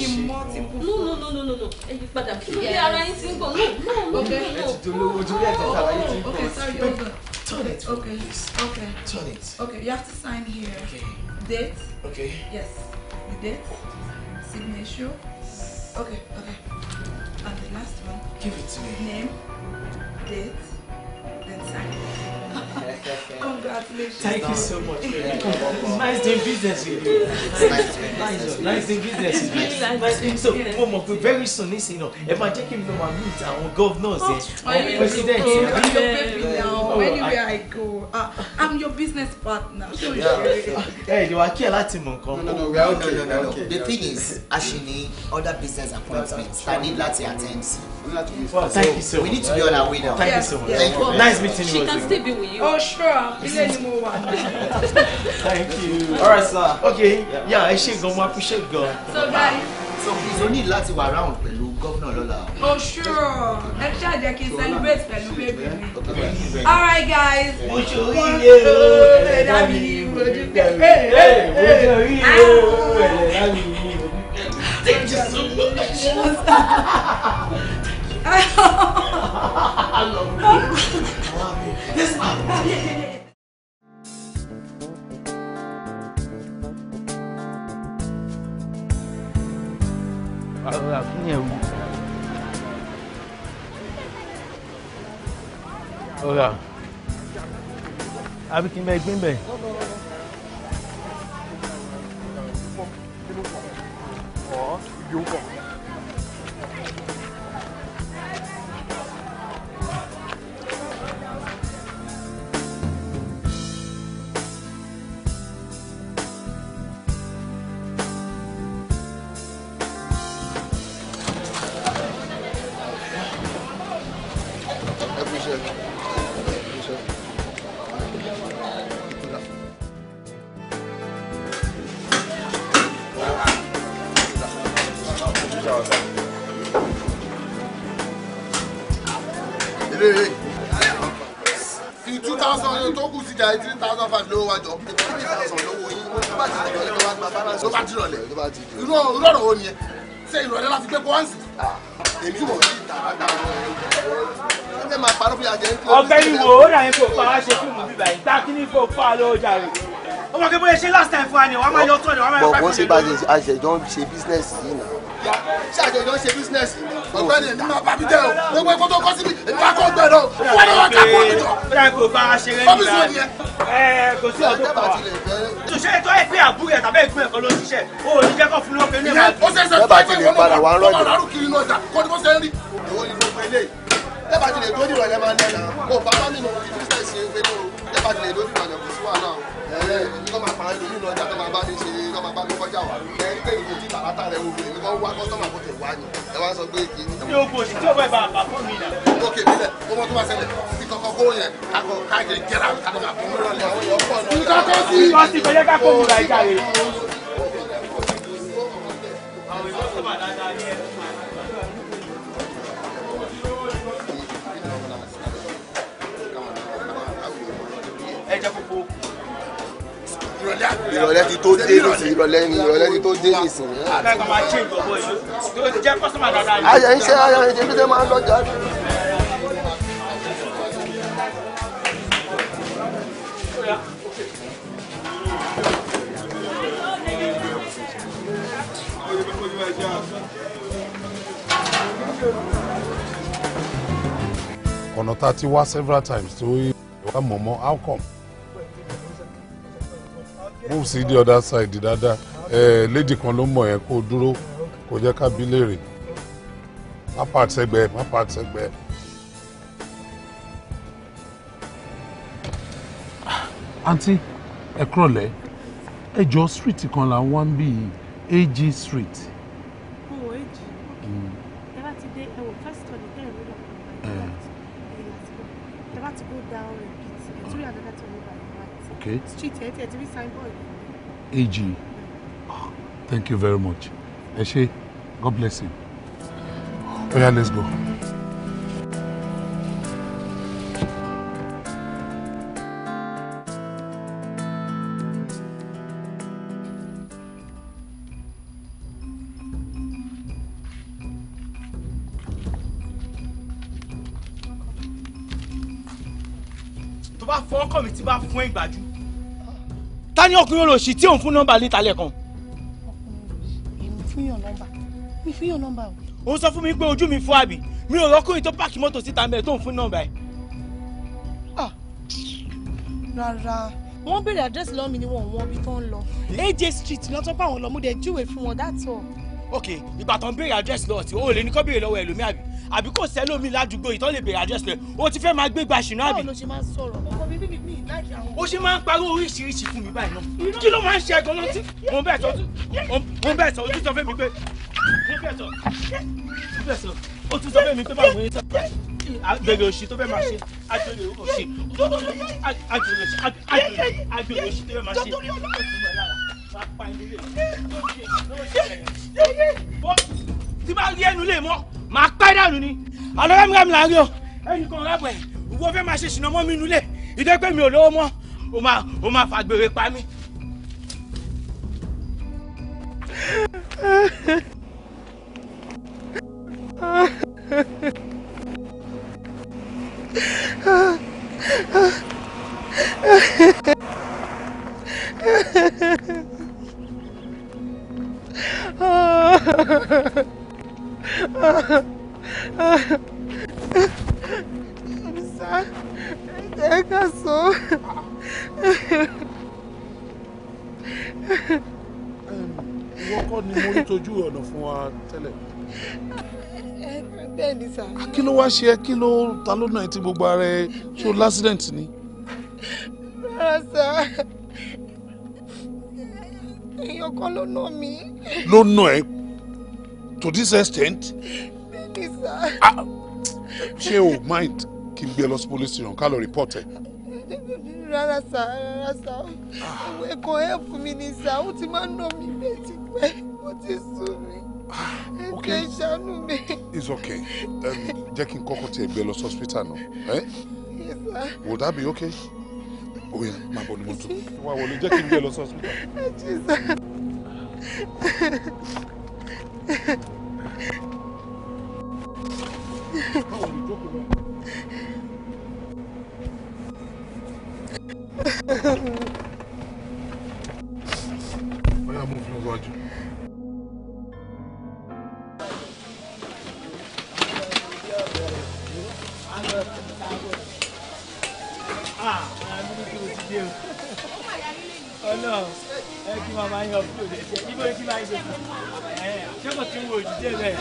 rẹ̀ kí mọ́ ti kú. no no no no no no ẹ yí padà kí ló dé ara yín ti ń bọ̀ no no
no no. ok ẹ ti dolówó torí ẹ ti oh, sàlàyé ti ń oh, bọ̀. ok sorry hold on. turn it please. okay turn it okay you have to sign here okay. date okay yes the date signature
okay okay and the last one give it to me name date then sign. Congratulations. Thank you so much. nice doing business with you. Nice, nice doing business with you. Nice doing so.
Mo mọ̀ very soon you know. If I take him to my meet àwọn governors yẹn, oh, àwọn presidents yẹn. I'm
your baby
now. Anywhere
oh, I go, ah, I'm your business partner.
Ẹ ìdí wa kí ẹ láti mọ̀ nǹkan. No, no, no, no, no, no. The thing is, a other business appointments. I need láti attend sí. Thank you so much. We need to be on our way now. Thank you so much. Nice meeting you. She can still
be with you. Oh, lecturer
thank you
all right sir. okay yeah ẹ ṣe gan mo appreciate gan. so guys. so please o ní láti
wà round pẹ̀lú gómìnà lọ́la.
oh sure ẹ ṣáà jẹ́ kí n celebrate pẹ̀lú bébí mi.
all right guys. mo ṣe oríire o ẹ̀ dábì ní ojú pẹ̀lú. mo
ṣe
oríire o ẹ̀ dábì ní ojú pẹ̀lú.
thank you so much.
I love you. I love you. Yes, my love you.
ọ̀rọ̀ àfihàn ewu
ọ̀rọ̀ abikin bẹ́ẹ̀ gbín bẹ́ẹ̀. ọ̀ ibi ó pọ̀. máa jọ pé bí tó bá ti di ṣe ìrọ̀lẹ́ láti gbé pọ́ǹsì. èmi wò sí ìtara dáadáa ẹ máa parọ́ bí ajẹ́ ń ó dà yín
kó ṣe fíìmù bíbá yìí tá kí ní kó fa lọ́wọ́ jàre ó mọ̀ pé bóyá ṣe
last time fún wa ni wọ́n máa yọ tó ni
wọ́n máa yọ five hundred. bọ̀ bó
bá àṣẹjọ ń ṣe business yìí nà.
ṣé àṣẹjọ ń ṣe business yìí ọ̀gbẹ́ni èmi máa bá mi jẹ́ o gbogbo ẹ̀kọ́ tó kọ́ síbi ìpàkọ́ gbẹ̀rọ fún ọ̀dọ̀ wa ká kó mi jọ. ó dà bá a ṣeré nígbà ẹ kò sí ọdún kan wa ṣe ètò ẹ pé àbúrò ẹ tàbí ẹ̀gbọ́n ẹ kan bá ti lè padà ìrọ̀lẹ́ máa ń dẹ̀ kò bá bá mi nù fi fífẹ́ ṣe é pé ti lè dójú ìrọ̀lẹ́ kò sí wàhálà o ẹ̀ẹ́ ẹ̀ẹ́ kí máa pa ẹlòmíràn ọjà tó máa bá mi ṣe mi kọjá wa ẹ ní pé ìlú bàbá tá rẹ wo èmi kọ́ wá kọ́sọ́mà kó tè wá ni ẹ wá sọ pé kì í. ṣé o kò sí tí o bá bàbá fún mi nà. lókè nílẹ̀ mo mọ tó máa ṣẹlẹ̀ tí kọ́kọ́ kó yẹn kakọ káàkiri jẹ́ra kakọ máa fún mi rọlẹ̀ àwọn
èèyàn pọ̀ náà. nǹkan tó
ti. ìrọ̀lẹ́ ti tó dé nìsín ìrọ̀lẹ́ ni ìrọ̀lẹ́ ti tó dé nìsín.
ayọ̀ ń ṣe ayọ̀ ń ṣe bí ṣe máa ń lọ́jà
ọ̀nà tá a ti wá several times tó yẹ wá mọ̀mọ́ how come move sí the other side dáadáa ẹ eh, lady kan ló mọ̀ yẹn kó dúró kó jẹ́ ká bí léèrè má pa àtẹ́gbẹ́ má pa àtẹ́gbẹ́. àǹtí ẹ kúrọ̀lẹ́ ẹ street kan là ń wá ń bí AG street.
Okay. Street ẹ̀ tẹ̀ ti rí signboard.
AG. Oh, ah, thank you very much. Ẹ ṣé. God bless you. oh, yeah, let's go.
tó bá fọ́ ọkọ mi tí bá fún ẹ̀ ní ọkùnrin olóòṣì tí òun fún nọ́mbà níta lẹ́ẹ̀kan.
ọkùnrin èmi fún yàn nọ́mbà
o. òun sọ fún mi pé ojú mi fọ́ àbí mi ò rọ́kùnrin tó páàkì mọ́tò síta mẹ́ẹ̀ tó ń fún nọ́mbà ẹ̀.
Ah, rárá wọ́n béèrè àdírẹ́sì lọ́wọ́ mi ni wọ́n wọ́n ibi tó ń lọ aj street lọ́tọ́ bá wọn lọ mú dẹ júwe fún wọn that's
ok ìgbà tó ń béèrè àdírẹ́sì lọ́wọ́ tí o lè ní kó béèrè lọ́wọ́ ẹlòmíàbí àbí kò sẹ́lómi ládùúgbò ìtọ́ lè béèrè àdírẹ́sì rẹ̀ o ti fẹ́ máa gbégbá ṣìnà
àbí. báwo ló
ṣe máa ń sọ̀rọ̀ ó ṣe máa
ń
parọ́ oríṣiríṣi fún mi báyìí náà kí ló
máa ń ṣe ẹ̀gàn náà tí mo bẹ̀ sọ mo bẹ̀ sọ ojú sọ fún mi pé mo bẹ̀ sọ mo bẹ̀ sọ ó tún sọ fún mi pé báwo ni agbèrè òṣì tó fẹ́ máa ṣe agbèrè òṣì agbèrè òṣì agbèrè òṣì tó fẹ́ máa ṣe tí bá
rí ẹnu lè mọ́ máa pẹ́ dànù ni alọ́rẹ́mìíràn là ń rí o ẹnì kan rábọ̀ ẹ̀ ìwọ fẹ́ máa ṣe ṣìnà mọ́ mi nulẹ̀ ìdẹ́gbẹ́mi ò lówó mọ́ o máa o máa fàgbèrè pa mí.
Sir, ẹ ká sọ ìwọ kọ́ ni mo rí
tójú ọ̀nà fún wa tẹ́lẹ̀. ni sà. kí ló wá ṣe ẹ́ kí ló ta ló náà ti gbogbo ara ẹ ṣó lásìdẹ̀ǹtì ni.
èèyàn kan ló nà mí.
ló nà ẹ́ to this extent.
bẹ́ẹ̀ ni sà. Ah,
ṣé o mind kí n gbé lọ sí police station ká lọ report ẹ
rárá sá rárá sá ìwé kan help mi ni sá ó ti máa ń nà mí bẹ́ẹ̀ ti pẹ́ ó ti sú mi ẹ̀jẹ̀ ìṣàánú
mi.
it's okay jẹ́ kí n kọ́kọ́ tiẹ̀ gbé lọ sí hospital náà would that be okay? oye oh, máa bọ̀ ní mọ́tò wá wọlé jẹ́ kí n gbé lọ sí hospital.
ẹ̀jẹ̀ báwo ni ìjókòó náà. Olha,
move no ódio.
Ah, Oh no,
ẹ kí màmá yín ọ̀pọ̀ òde jẹ́, ibo kí máa ń jẹ́ ẹ̀ ṣé kò tí ń wo òjì jẹ́ bẹ́ẹ̀.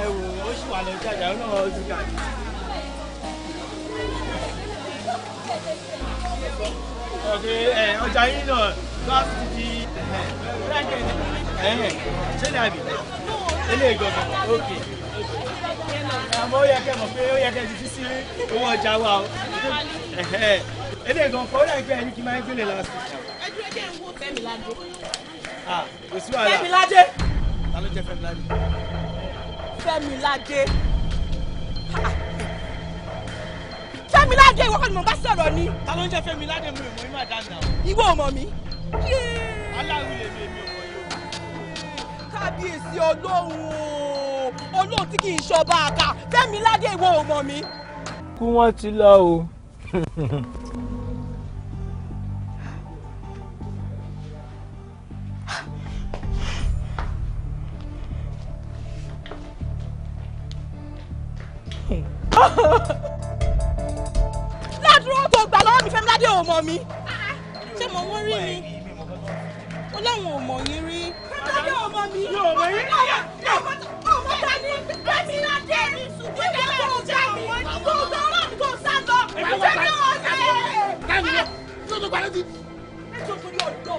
Ẹ wò ó ṣì wà lọ sí àjà, ó náà ó ti gà. Eh, ọjà yín náà láti di eh, ṣẹlẹ̀ àbí ilé ìgbọ̀ngàn òkè àmọ́ ó yẹ kẹ́ mọ̀ pé ó yẹ kẹ́ ti fi sí owó ọjà wa o ilé ìgbọ̀ngàn ó dàbí pé ẹni kí n máa ń gbélé last week. ẹ dúró dé ìwọ Fẹ́mi Ládé. ah kò sí wàhálà Fẹ́mi Ládé. ta ló jẹ Fẹ́mi Ládé. Fẹ́mi Ládé ìwọ kọ́ ni mo bá sọ̀rọ̀ ni. ta ló ń jẹ́ Fẹ́mi Ládé mi ò mọ inú àdá nà. ìwọ ò mọ mi. aláwìn lè mi èmi ò mọ yìí o. kábíyèsí olóhùn o olóhùn tí kì í ṣọba àká Fẹ́mi Ládé ìwọ ò mọ mi. kú wọn ti lọ o. Ha ha ha! mi Fẹ́miládé ò mọ̀ mi ṣé mo wọ́n rí mi ọlọ́run ò mọ̀ yín rí Fẹ́miládé
ò mọ̀ mi yóò mọ̀ yín rí ọmọ ta ni Fẹ́miládé mi ṣùgbọ́n kí ló ń jẹ́ mi kò gbọ́ ọlọ́run kò sá lọ ìfẹ́
náà ṣe é ẹjọ́ torí ọ̀dọ́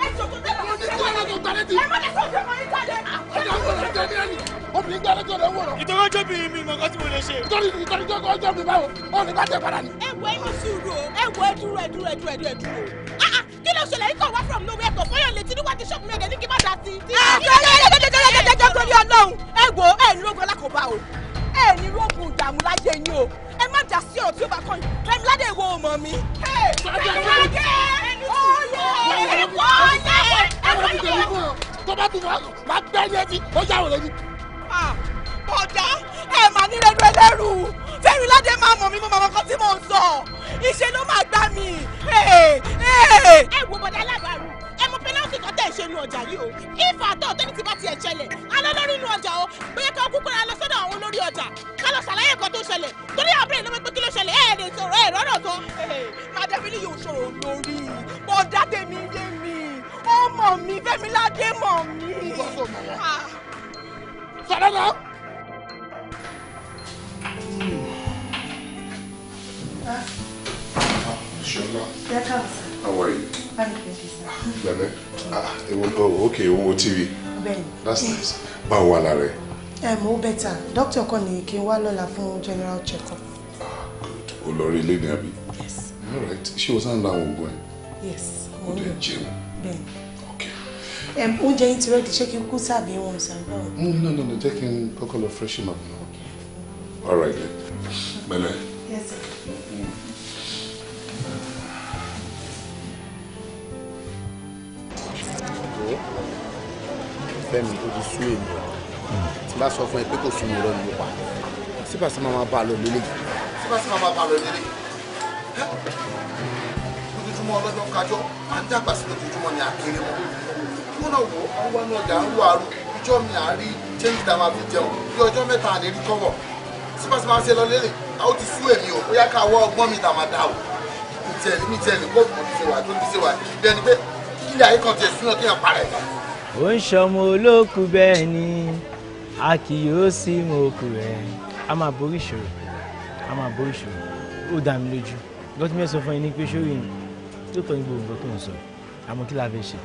o ẹjọ́ tó tẹ̀lé
ọ̀dọ́ ẹjọ́ tó tẹ̀lé ọ̀dọ́ ẹjọ́
tó tẹ̀lé ọ̀dọ́ ẹjọ́ tó tẹ̀lé ọ̀dọ́ obìnrin gbọ́dọ̀ tó lè wúrọ̀. ìtọ́jú ọjọ́ bí mi mọ̀ kọ́ tí mo lè ṣe. nítorí nítorí tó kọ́ ọjọ́ mi báwo ó ní ká tẹ̀ padà ní. ẹ wo inú sùúrù o ẹ wo ẹdúró ẹdúró ẹdúró ẹdúró ẹdúró. Ah, ah, kí ló ṣẹlẹ̀ yìí kàn wá from nowhere tó fọyọ̀ létí níwájú ṣọ́ọ̀bù mi ẹ̀dẹ̀ ní kí má da sí. Ah, jẹjẹjẹjẹjẹjẹjẹ torí ọlọ́run ẹ má jà sí ọ̀rọ̀ tí ó bá kàn
yín
tọ́ba tún wá máa gbẹ́ ní ẹtí ó yà wọlé ni. ọ̀dà ẹ mà ní lẹ́nu ẹlẹ́rù fẹ́rìnládé máa mọ̀ mí mo mọ̀ ọkọ tí mò ń sọ ìṣe ló máa gbá mi. ẹ wo bọ̀dá alábàárù láìkí kan tẹ̀ ṣe nu ọjà yìí o ifá tó tó ti bá tiẹ̀ ṣẹlẹ̀ alẹ́ inú ọjà o bóyá kí kúkú ra lọ sọ́dọ̀ àwọn olórí ọjà ká lọ ṣàlàyé nǹkan tó ṣẹlẹ̀ torí àbúrò ìlú pé kí ló ṣẹlẹ̀ ẹ̀ lè sọ̀rọ̀ ẹ̀ rọ́rọ̀ tó. madamili yóò sọ̀rọ̀ lórí bó dá tèmi yé mi ó mọ̀ mí fẹ́mi ládé mọ̀ mí.
sọ̀rọ̀ ṣọlá.
How are you? I'm okay, sir. Bẹ̀rẹ̀, ah, ewo oh, okay, ewo TV.
Ben. That's nice. Báwo wà lára ẹ? Ẹ mo bẹ́tà, dókítà kan ní kí n wá lọ́la fún general check-up. Ah,
good. O lọ rí ilé ní àbí? Yes. All right, ṣé o sáà ń lo àwọn oògùn ẹ?
Yes. O dẹ̀ jẹun. Bẹ́ẹ̀ni. Okay. Oúnjẹ yín ti rẹ́ẹ̀dì, ṣé kí n kú sàbí wọn sàbá?
No, no, no, jẹ́ kí n kọ́kọ́ lọ freshen up now. All right then. Bẹ́lẹ̀. Yes, sir. Mm -hmm. fẹ́ mi ó ti sú èmi tí bá sọ fún ẹ pé kò sún mi lọ́nu pa sípàsí máa
bá a lọ lélẹ̀
sípàsí máa bá a lọ lélẹ̀ lójoojúmọ́ ọlọ́jọ́ kájọ́ à ń dàgbà sí lójoojúmọ́ ni àkéré mọ́ wọn náà wọ ọwọ́ náà jà ń wọ àrùn ìjọ mi à ń rí change tá a máa fi jẹun bí ọjọ́ mẹ́ta à lè rí kọ́wọ̀ sípàsí máa ṣe lọ lélẹ̀ a ó ti sú èmi o bóyá ká wọ ọgbọ́n mi tá a máa dà o mi tẹ̀lé mi tẹ̀lé kó o ti ṣe wà tó ti ṣe wà bẹ́ẹ̀ ni pé kílẹ̀ ayé kan ti ó ń ṣọmọ olókù bẹ́ẹ̀ ni a kì yóò sí mọ okù rẹ̀ a máa borí ìṣòro a máa borí ìṣòro ó dá mi lójú lọ́tí mẹ́sàn-án fún ẹni pé sórí ni tó tọ́ ní gbogbo tó ń sọ àmọ́ kí la fẹ́ ṣe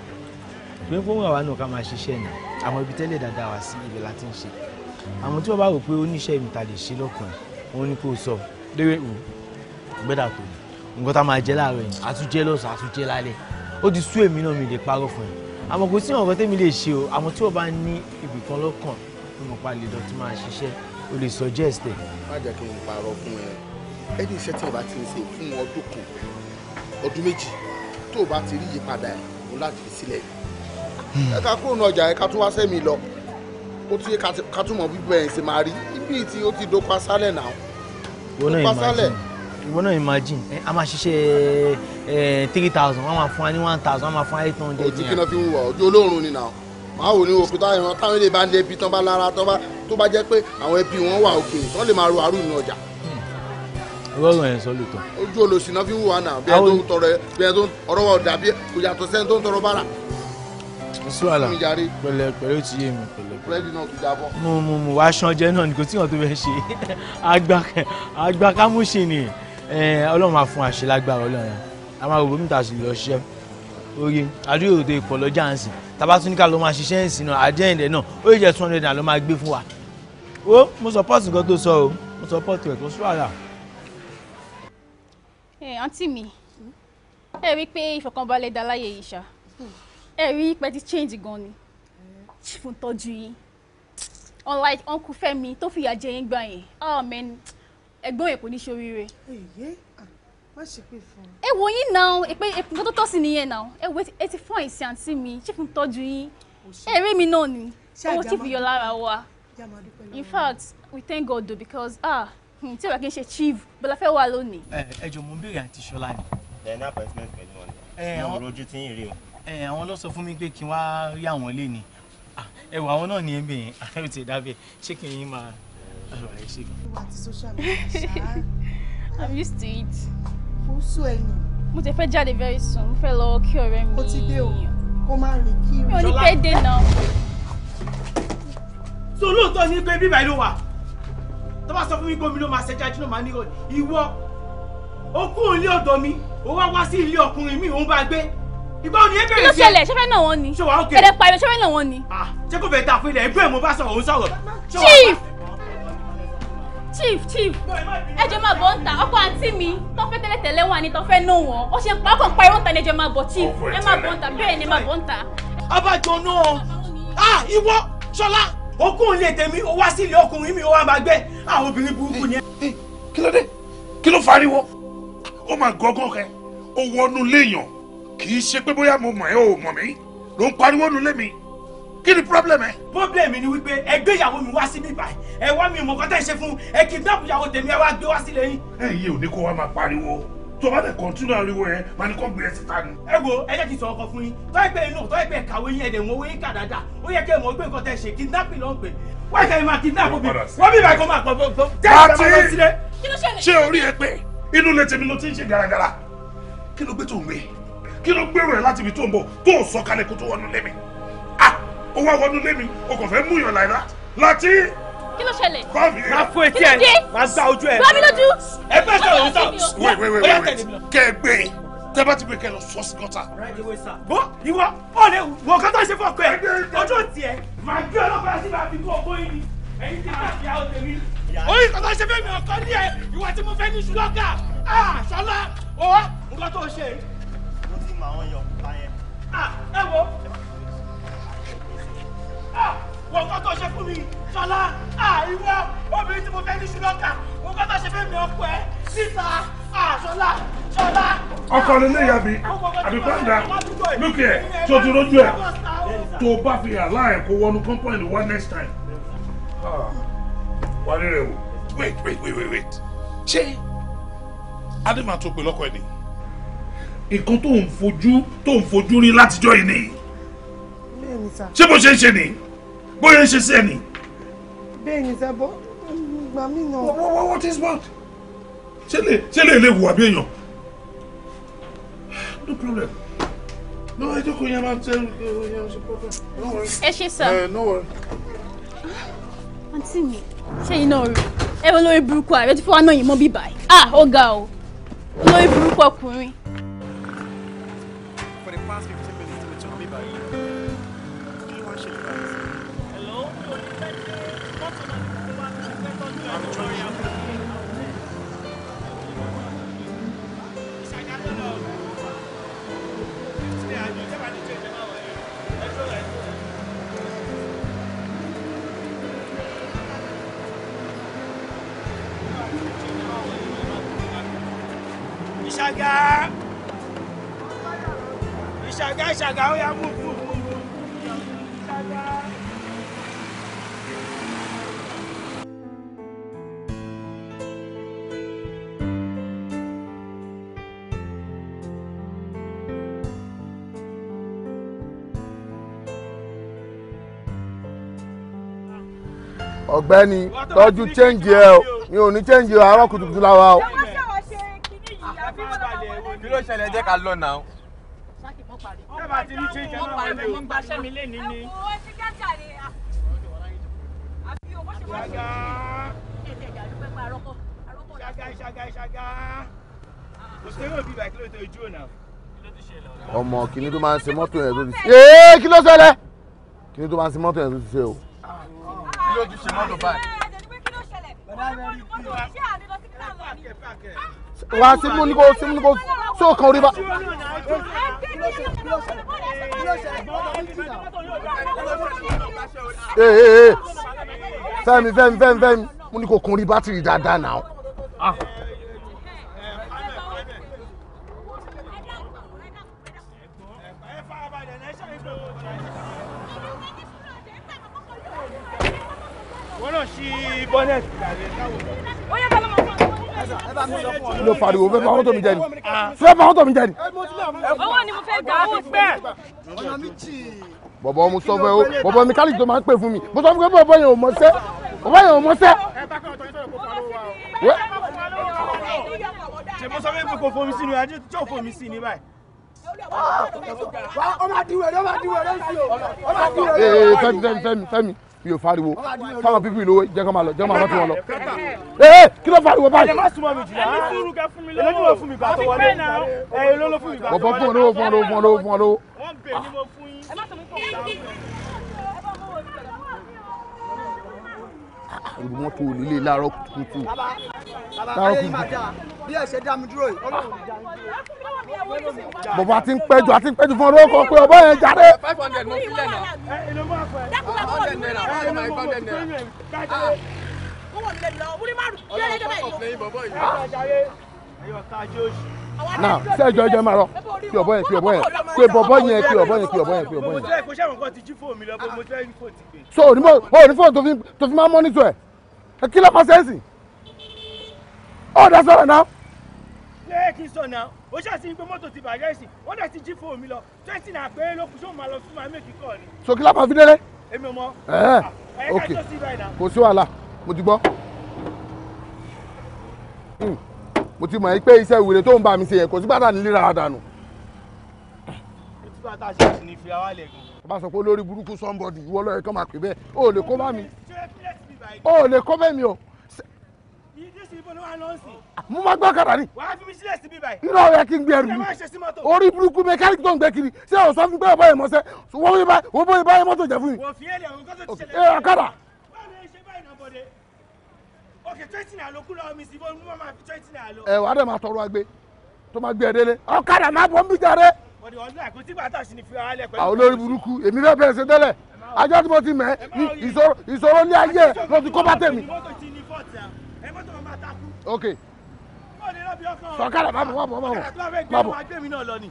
pé ń fóun àwa náà ká máa ṣiṣẹ́ náà àwọn ibi tẹ́lẹ̀ dáadáa wá sí ibẹ̀ la ti ń ṣe àwọn tí wọ́n bá rò pé oníṣẹ́ mi ta lè ṣe lọ́kàn òun ni kò sọ lérè wò gbẹ́dà tó nǹkan tá máa jẹ láàárọ̀ yìí àtúnjẹ lọ́sàn àtúnjẹ lálẹ́ ó ti sú èmi náà mi lè parọ́ fún ẹ àmọ́ kò sí ọ̀gọ́ tẹ́mi lè ṣe o àmọ́ tí o bá ní ibì kan lọ́kàn tó mọ̀ pa lè lọ tí máa ṣiṣẹ́ o lè suggest ẹ̀. má jẹ́ kí n parọ́ fún ẹ ẹni iṣẹ́ tí o bá ti ń ṣe fún ọdún kan ọdún méjì tó o bá ti rí ìyípadà ẹ̀ o láti fi sílẹ̀ ẹ̀ka kúrò ní ọjà ẹ̀ka tó wá sẹ́mi lọ ó ti ká túmọ̀ bíbẹ̀ ẹ̀ ṣe máa rí ibi tí ó ti dókwa sálẹ̀ náà dókwa sálẹ̀ ìwọ náà imagine a máa ṣiṣẹ́ three thousand wọ́n máa fún wa ní one thousand wọ́n máa fún wa eight hundred. ojú kí náà fi
ń wà ojú olóòrùn ni nà máa wò ní òkú táwọn èèyàn táwọn èèyàn bá ń lẹbi tán bá lára tán bá tó bá jẹ́ pé àwọn ẹbí wọn wà òkè tán lè máa ro àrùn inú
ọjà. Hmm. ọlọ́run ẹ̀ sọ lóòótọ́. ojú olóòsì náà fi ń wà náà bí ẹ tó ń tọrọ ẹ bí ẹ tó ń ọ̀rọ̀ wà dàbí kò yàtọ̀ sẹ́ni tó ń tọrọ bára suwala pẹ̀lẹ́ pẹ̀lẹ́ ti yé mi pẹ̀lẹ́
pẹ̀lẹ́
mo mo mo wá aṣọ ọjẹ náà ni kò tí wọn tó fẹ́ ṣe agbá agbá kámúṣe ni. Eh, ọlọ́run máa fún àṣẹ lágbára ọlọ́run a máa rògbòmí tà sí lọ ṣiṣẹ́ orí àdúrà òde ìpọ̀ lọ́jà ń sìn tàbá ló máa ṣiṣẹ́ ń sìn náà àdé ẹ̀ǹdẹ̀ náà ó yẹ two hundred naira ló máa gbé fún wa ó mo support nǹkan tó sọ o mo support rẹ̀ kó sún àrà.
ẹ àǹtí mi ẹ rí i pé ìfọ̀kànbalẹ̀ dá yìí ṣá ẹ rí i pé ti change gan ni chief tọ́jú yín unlike uncle Fẹ́mi tó fìyà jẹ yín gbà yẹn oh man ẹ̀gbọ́n èkó ní ṣoríire. èyí
má ṣe pé fún
un. ẹ wo yín náà èpè nǹkan tó tọ́ sí nìyẹn náà ẹ wo etí fún àìsí àǹtí mi ṣé fún tọ́jú yín eré mi náà ni owó tí fi yọ lára wa in fact we thank God though because ah hmm, tí ìwà kì í ṣe chief bọ́lá fẹ́ wà lónìí.
ẹ jọ mo ń béèrè àǹtí ṣọlá ni. ẹ ní appointment pẹ̀lú wọn ni mo rojú tí ń rí o. ẹ àwọn ló fún mi pé kí n rí àwọn lé ah, ni ẹ wọ àwọn náà ní ẹ bẹ̀yẹn àfẹ́rù ti dábẹ́ ṣé kí n máa.
I'm used to it. Mo ti fẹ́ jáde very soon. Mo fẹ́ lọ kí ọ̀rẹ́ mi. Ó ti dé o. Kó má rìn kiri. Mi ò ní pẹ́ dé náà.
So lóòótọ́ ni pé bíbá ló wà. Tó bá sọ fún mi pé omi ló máa ṣẹjá jùlọ máa ní ìrọ̀lẹ́. Ìwọ o kú ilé ọ̀dọ̀ mi, o wá wá sí ilé ọkùnrin mi, òun bá gbé. Ìgbà òní ẹ bẹ̀rẹ̀ sí. Kí ló ṣẹlẹ̀? Ṣé
fẹ́ náà wọ́n ni? Ṣé wàá òkè?
Ẹ̀rẹ̀ pariwo ṣé fẹ́
chief chief ẹ jọ̀ọ́ máa bọ̀ ń ta ọkọ àǹtí mi tó fẹ́ tẹ́lẹ̀ tẹ́lẹ̀ wà ní tó fẹ́ nù wọ́n ó ṣe pápọ̀ ń pariwo ń ta ni ẹ jọ̀ọ́ máa bọ̀ chief ẹ máa bọ̀ ń ta bẹ́ẹ̀ ni ẹ máa bọ̀ ń ta. abájọ náà ah
ìwọ ṣọlá okùn ilé tèmi ó wá sílé ọkùnrin mi ó wá máa gbé àwọn obìnrin burúkú ni.
kí ló dé kí ló fariwo ó máa gọgán rẹ ó wọnú léèyàn kì í ṣe pé bóyá mo mọ̀ ẹ́ ò mọ̀ mí ló ń pariwo nulẹ̀ mi kí ni problem ẹ. problem ni wípé ẹ gbé ìyàwó mi wá síbí báyìí ẹ wá mi mọ̀ kọ́tà ìṣe fún ẹ kidnap ìyàwó tèmi ẹ wá gbé wá sílé yín. ẹ yé òní kó wa máa pariwo tó bá lè kọ́ntínú ariwo yẹn máa ní kó gbé ẹ síta ni. ẹ wo ẹ jẹ́ kí n sọ ọkọ fún yín tọ́ ẹgbẹ́ inú tọ́ ẹgbẹ́ kàwé yín ẹ̀dẹ̀ wọn owó yín kà dáadáa ó yẹ kí ẹ mọ̀ ọgbẹ́ nǹkan tẹ̀ ṣe kidnap ló ń pè wáyé kẹ́ ẹ máa kidnap mi wọ́n bí ìbá ẹ̀kọ́ máa pọ̀ pọ̀ jẹ́ ṣé orí ẹ pé inú ilé tèmi ló ó wá wọnú lé mi o kò fẹ́ mú yàn láìra láti.
kí ló ṣẹlẹ̀. kọ́ọ̀mì rẹ̀ máa fún etí ẹ̀ máa gbá ojú ẹ̀. gbá mi lójú. ẹ bẹ́ẹ̀ sọ̀rọ̀ ń sọ.
wait wait wait kẹ́ ẹ gbé e. tẹ bá ti gbé e, kẹ lọ sọ́ọ̀sì gọ́tà. bó ìwọ ò lè wọ kọ́tà ṣe fún ọkọ ẹ e ojú òtí ẹ máa gbé ọlọ́pàá sí máa fi kó ọgbó yìí ẹ̀yin tí máa fi àwọn tèmi. oyin kọ́tà ṣe fẹ́ mi ọkọ ní ẹ ìwà tí mo fẹ́ ní ṣùlọ́gà
ṣọlá ọ̀ nǹkan tó ṣe. mo ti mọ àwọn yọ̀ọ̀ká yẹn. ẹ wo Ah, wọ́n kọ́ tó ṣe fún mi ṣọlá àìwọ́ ah, obìnrin tí mo fẹ́ ní ṣùlọ́kà wọ́n kọ́ tó ṣe fún mi ọkọ ẹ̀ síta ah, ṣọlá ṣọlá. ọkọ
ni ilé yàbí àbí pàǹdà lókè ẹ tó ti rójú ẹ tó bá fi àlá ẹ kó wọnú compound wa next time.
wà á rí rẹ wò. wait wait wait wait ṣé adé máa tó pè lọ́kọ ẹ̀ ni.
nǹkan tó ń fojú tó ń fojú rí látijọ́ yìí nìyí bẹ́ẹ̀ni sá. ṣé bó ṣe ń ṣe ni bó ṣe ń ṣe sí ẹ ni.
bẹ́ẹ̀ni sá bọ́ gbà mí nà. wọ́n
what is what? ṣé lè ṣé lè lè wù àbí èèyàn?
no problem. no ẹ jókòó yẹn máa tẹ ẹ ṣe problem.
no
worry. ẹ ṣe sá. ẹ no worry. àǹtí mi ṣé iná rẹ ẹ wọ lórí burúkú ààrẹ tí fún wa náà yìí mọ bíbá yìí. ah ó ga o lórí burúkú ọkùnrin.
ìṣàgà ìṣàgà ìṣàgà ó yá mú fún un ìṣàgà.
ọ̀gbẹ́ni tọ́jú chẹ́ǹjì ẹ o mi ò ní chẹ́ǹjì àárọ̀ kùtùkùtù làwa o ṣẹlẹ̀ jẹ́ ká lọ náà. ṣé bá ti
ní ṣe ìjẹun náà wọlé mo ń
gba iṣẹ́ mi lé ní ni. ẹ̀kọ́ ẹ ti jájà rè
é. àbí owó ṣe máa ń ṣe.
ṣàgá ṣàgá ṣàgá ṣàgá. òṣèré òbí bàkí ló tó ojú ò náà.
ọmọ kìnní tó máa ń ṣe mọ́tò yẹn tó ti ṣe. é, kí ló ṣẹlẹ̀ kìnní tó máa ń ṣe mọ́tò yẹn tó ti ṣe o.
kí ló ti ṣe mọ́tò báyìí
wà á símú ní kò símú ní
kò tó kan orí bá.
fẹ́mi
fẹ́mi fẹ́mi fẹ́mi mo ní kò kun orí bátìrì dáadáa náà. wọ́n náà ṣí bọ́nẹ̀tì kí ló pariwo fẹ́
fà mọ́tò mi jẹ ni fẹ́ fà mọ́tò mi jẹ ni.
owó ni mo fẹ́ gbà owó pẹ́.
bọ̀bọ̀ mo sọ fún ẹ o bọ̀bọ̀ mẹkáníìkì tó máa ń pè fún mi mo sọ fún ẹ bọ̀bọ̀ yẹn ò mọ̀ sẹ́ bọ̀bọ̀ yẹn ò mọ̀ sẹ́.
ṣe mo sọ fún ẹ pé kò fomi sí ni ajé tí ò fomi sí ni báyìí ọmọ adiwere ọmọ adiwere ń fi o ọmọ adiwere ń fi o. Fẹ́mi
Fẹ́mi Fẹ́mi mi ò fariwo fáwọn pípì lówó jẹ́ kó máa lọ jẹ́ kó máa lọ tí wọ́n lọ. ee kí ló
fariwo báyìí. ẹ má súnmọ́ mi jìnnà ẹni sùúrù kẹ fún mi lọ́wọ́ ẹni fún mi gbà fún mi gbà tó fún ọ lówó fún ọ lówó fún ọ lówó àrùn mọ́tò láàárọ̀ kùtùkùtù. láàárọ̀ kùtùkùtù. bí ẹ dá mi dúró yìí bọ̀bọ̀ àti ń pẹ́jù àti
ń pẹ́jù fún ọdún pé ọba yẹn jáde.
five hundred mo fi lẹ́nà. hundred naira hundred naira hundred naira. owó mi lè lọ wúrí márùn-ún. ọlọ́run fún ọ̀pọ̀ lẹ́yìn bọ̀bọ̀ yìí. ẹ̀yọ̀ tá a jẹ́ òṣù náà ṣe ẹjọ ẹjọ máa rọ kí ọbọ yẹn kí ọbọ yẹn kí bọbọ yẹn kí ọbọ yẹn kí ọbọ yẹn kí ọbọ yẹn. so onímọ̀ onífọ̀ oh, tó fi máa mọ́nítọ̀ ẹ̀ kí ló kọ́ sẹ́ǹsì Oh, that's all ṣé kí n sọ náà ó ṣàṣì ń gbé mọ́tò ti bàjẹ́ sí wọ́n dẹ̀ ti jí fóònù mi lọ twenty náà péré ló kù ṣé òun máa lọ fún màmí èkì ni.
so kí lápá fi délé.
èmi ò mọ. Ah, okay. ẹ ok kò mo ti gbọ́. Hmm mo ti mọ̀ ẹ́ pé iṣẹ́ ìwèrè tó ń bá mi ṣe yẹn kò sígbà tà ní líra dànù. ètùbà tá a ṣe àṣìní fi àwa lẹ̀ gan. bá a sọ pé olórí burúkú somebody ìwọ lọ́yẹ̀ kan máa pè bẹ́ẹ̀ o ò lè kó bá mi o ò lè kó bẹ́ẹ̀ mi o. mo máa gbọ́ kàdà ni. wàá fi mi sílẹ̀ síbí báyìí. irọ́ ọ̀yà kí n gbé ẹrù mi. orí burúkú mẹkáníkì
tó ń gbé kiri ṣé o sọ fún pé ọ̀bọ̀ yẹn mọ́sẹ́ wọ́n bóyá mọ́tò jẹ́ fún mi.
wọ́n fi okay twenty naira ló kú lọ́wọ́ mi sí bó ní wọ́n máa fi twenty naira lọ. ẹ wàá dẹ̀
máa tọrọ agbe tó máa gbé ẹ délé ọ̀kadà máa bọ̀ ń bí jàre.
bọ̀dẹ̀ ọdún àìkú tí bàtà sí ni fi ara lẹ̀ pẹ̀lú. àwọn olórí
burúkú èmi fẹ́ bẹ̀rẹ̀ ṣe tẹ́lẹ̀ ajọ́ tí mo ti mẹ́
ìṣòro ní
ayé ẹ̀ ló ti kó bá tèmi.
ok sọ̀kadà máa bọ̀ máa bọ̀ máa
bọ̀.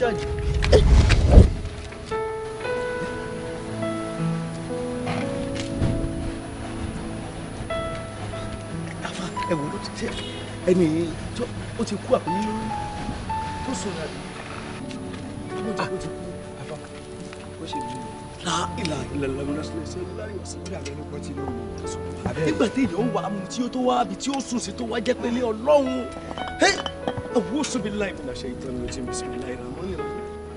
jáde. ẹ wò ló ti tẹ ẹni yìí ó ti kú àbí tó sọ̀rọ̀ àbí tó ti kú àbá ó ṣe bí ìlà ìlà ìlà ìlọsílẹsẹ láyé ọsẹ tí àbẹ nípa tí ló mú un sọ. nígbà tí èèyàn wà mú tí ó tó wá àbí tí ó sùn sí tó wá jẹ́ pé ní ọlọ́run ẹ̀ àwọn oṣù mi láì. ìlàṣẹ ìtọ́ni ti bísí mi láì rán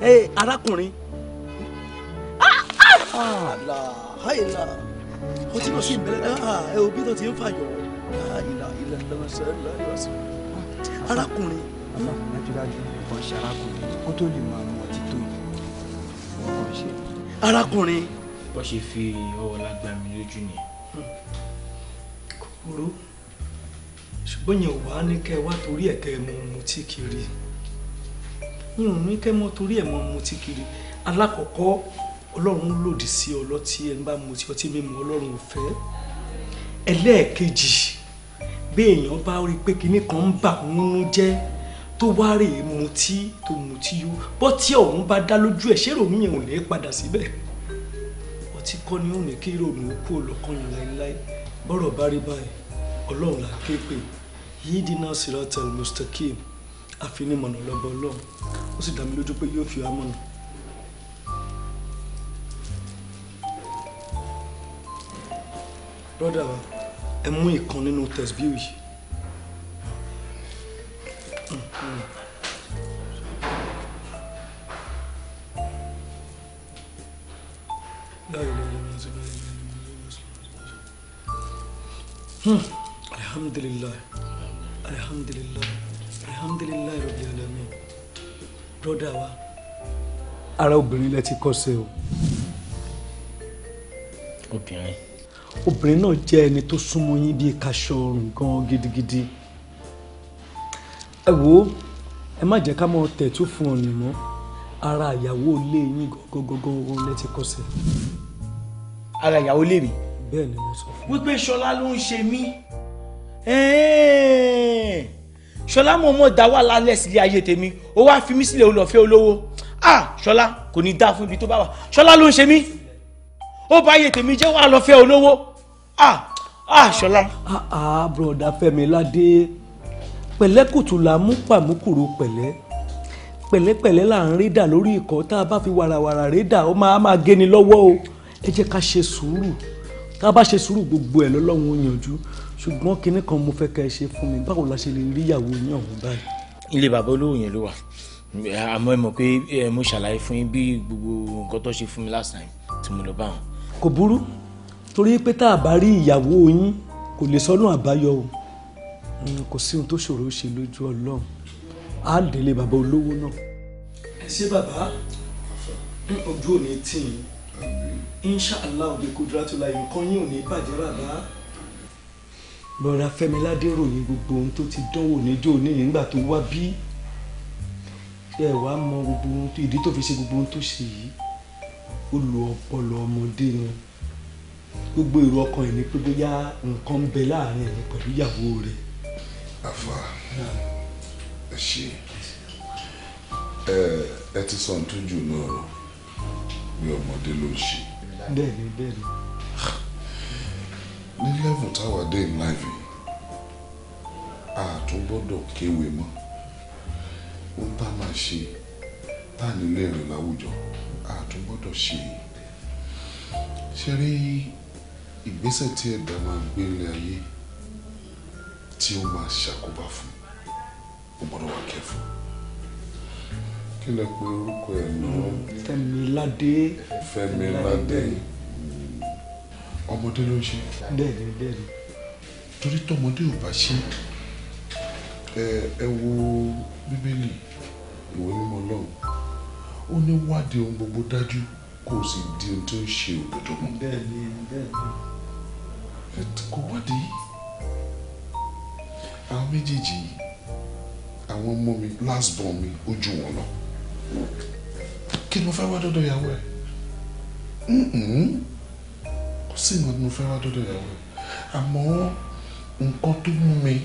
ẹ arákùnrin. àlà àìlà o ti lọ sí ìmẹ́lẹ́ náà ah, ẹ òbí náà ti ń fàyọ̀ ah, àìlà ilẹ̀ lọ́sẹ̀ lọ́sẹ̀ arákùnrin. àbá dájúdájú ọ̀ ṣe arákùnrin kó tó lè máa mọ títò yìí ọkàn ṣe. arákùnrin. bó ṣe fi ọwọ́ lágbá mi lójú nìyẹn. kòkòrò ṣùgbọ́n yẹn wàá ní kẹ́ ẹ wá torí ẹ̀kẹ́ mu mutí kiri mi ò ní kẹ́ mọ́ torí ẹ̀ mọ́ mutí kiri alákọ̀ọ́kọ́ ọlọ́run lòdì sí ọlọ́tí ẹ̀ ń bá mutí ọtí mímu ọlọ́run ò fẹ́ ẹlẹ́ẹ̀kejì bí èèyàn bá rí i pé kinní kan ń bà nínú jẹ́ tó wá rè é mutí tó mutí yó bọ́ tí ọ̀hún bá dá lójú ẹ̀ ṣé ròmí yẹn ò lè padà síbẹ̀ ọtí kọ́ ni ó ní kí ròmí ó kú òlọ́kàn yẹn láéláé bọ́rọ̀ bá rí báyìí ọlọ́run là ń ké pè yídínà sírátà mustakim àfinimọ̀nà lọ́bọ̀ ọlọ́run ó sì dá mi lójú pé yóò fi wá mọ̀nà. brọ́dà wa ẹ mú ìkan nínú tẹ̀síbíù yìí. alhamdulillah alhamdulillah alhamdulilayi rabi alami broda wa. ara obìnrin lẹ ti kọ́sẹ̀ o. obìnrin. obìnrin náà jẹ́ ẹni tó súnmọ́ yín bíi kaṣọ ọrùn gan gidigidi. ẹ wo ẹ má jẹ́ ká mọ tẹ̀tú fún ọ̀nì mọ́ ara ìyàwó ilé yín gọ́gọ́gọ́gọ́ òun lẹ ti kọ́sẹ̀. ara ìyàwó ilé mi. bẹ́ẹ̀ ni mo sọ fún un. wípé ṣọlá ló ń ṣe mí. ẹ̀ẹ́n ṣọlá mo mọ̀ dá wà lálẹ́ sílé ayé tèmi ó wá fi mí sílẹ̀ olùfẹ́ olówó ah ṣọlá kò ní dá fún ibi tó bá wà ṣọlá ló ń ṣe mí ó bá ayé tèmi jẹ́ wà lọ́fẹ́ olówó ah ah ṣọlá. ah ah broda Fẹ́mi ládé pẹ̀lẹ́kùtù là mú pàmùkùrù pẹ̀lẹ́ pẹ̀lẹ́pẹ̀lẹ́ là ń rédà lórí ikọ̀ tá a bá fi wàràwàrà rédà ó máa máa géni lọ́wọ́ o ẹ jẹ́ ká ṣe sùúrù tá a bá ṣe sùúrù gbogbo ẹ̀ lọ́lọ́run ó yanjú ṣùgbọ́n kinní kan mo fẹ́ kẹ́ ẹ ṣe fún mi báwo la ṣe lè rí ìyàwó yín ọ̀hún báyìí. ilé bàbá olówó yẹn ló wà àmọ́ ẹ mọ̀ pé mo ṣàlàyé fún yín bí gbogbo nǹkan tó ṣe fún mi last time tí mo lọ bá wọn. kò burú torí pé tá a bá rí ìyàwó yín kò lè sọ́nà àbáyọ o hmm, kò sí ohun tó ṣòro ṣe lójú ọlọ́run á délé bàbá olówó náà. ẹ ṣé bàbá ojú ò ní tì í inṣàlá òde kúdúrátùlà nǹkan yín ò ní bàjẹ́ rárá lọ́ra fẹ́miládé ròyìn gbogbo ohun tó ti dánwò níjó níyìn nígbà tó wá bí ẹ wá mọ gbogbo ohun tó ìdí tó fi ṣe gbogbo ohun tó ṣe yìí ó lo ọpọlọ ọmọdé ni gbogbo èrò ọkàn ẹ̀ ni pé bóyá nǹkan ń bẹ láàrin ẹ̀ pẹ̀lú ìyàwó rẹ̀. àfà
ẹ ṣe ẹ ti sọ ohun tó jù náà mi ọmọdé ló ń ṣe.
bẹ́ẹ̀ni bẹ́ẹ̀ni
ní level táwa dé in life yìí a tún gbọ́dọ̀ kéwèé mọ́ ó bá máa ṣe tá à nílé rìn láwùjọ a tún gbọ́dọ̀ ṣe ṣe rí ìgbésẹ̀ tí ẹ̀dá máa gbé ilé ayé tí ó máa ṣàkóbá fún ó gbọ́dọ̀ wà kẹ́fọ́ kí lẹ pé orúkọ ẹ̀ náà.
Fẹ́mi Ládé. Fẹ́mi Ládé. Ládé
ọmọdé ló ń ṣe. bẹ́ẹ̀ni bẹ́ẹ̀ni. torí tọmọdé ò bá ṣe ẹ wo bíbélì ìwé mímọ́ lọ́hùn ó ní wádìí ohun gbogbo dájú kó o sì di ohun tó ń ṣe òdodo mọ́. bẹ́ẹ̀ni bẹ́ẹ̀ni. kò wádìí àwọn méjèèjì yìí àwọn ọmọ mi last born mi ó ju wọn lọ kí ni mo fẹ́ wá dọ́dọ̀ ìyàwó ẹ̀ sí ìmọ̀ tí mo fẹ́ wá dọ́dọ̀ ìyàwó rẹ̀ àmọ́ nǹkan tó mú mi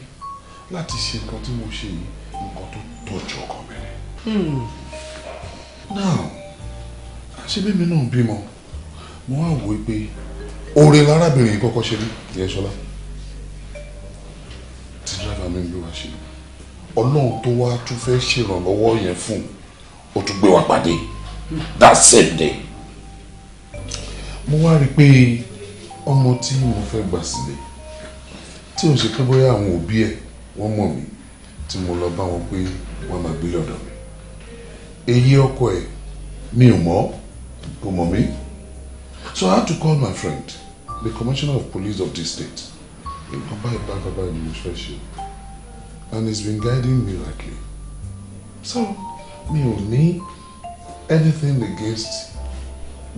láti ṣe nǹkan tí mo ṣe yìí nǹkan tó tọ́jú ọkọ mi ni. Hmm. now àṣebími náà bímọ mo wá wò ó pé oore lárábìnrin kọ́kọ́ ṣe mí ìyẹn ṣọlá tí dráìvà mi ń gbé wá ṣe ọlọ́run tó wá tún fẹ́ ṣèrànlọ́wọ́ yẹn fún un ó tún gbé wa pàdé that same day hmm. mo wá rí i pé ọmọ tí mo fẹ́ gbà sílé tí ò ń ṣe pé bóyá àwọn òbí ẹ̀ wọ́n mọ̀ mí tí mo lọ bá wọn pé wọ́n máa gbé lọ́dọ̀ mi èyí ọkọ ẹ̀ mi ò mọ̀ kò mọ̀ mí so I had to call my friend the commissioner of police of this state nǹkan báyìí báyìí báyìí ni fẹ́ ṣe and he's been guiding me rightly so mi ò ní anything against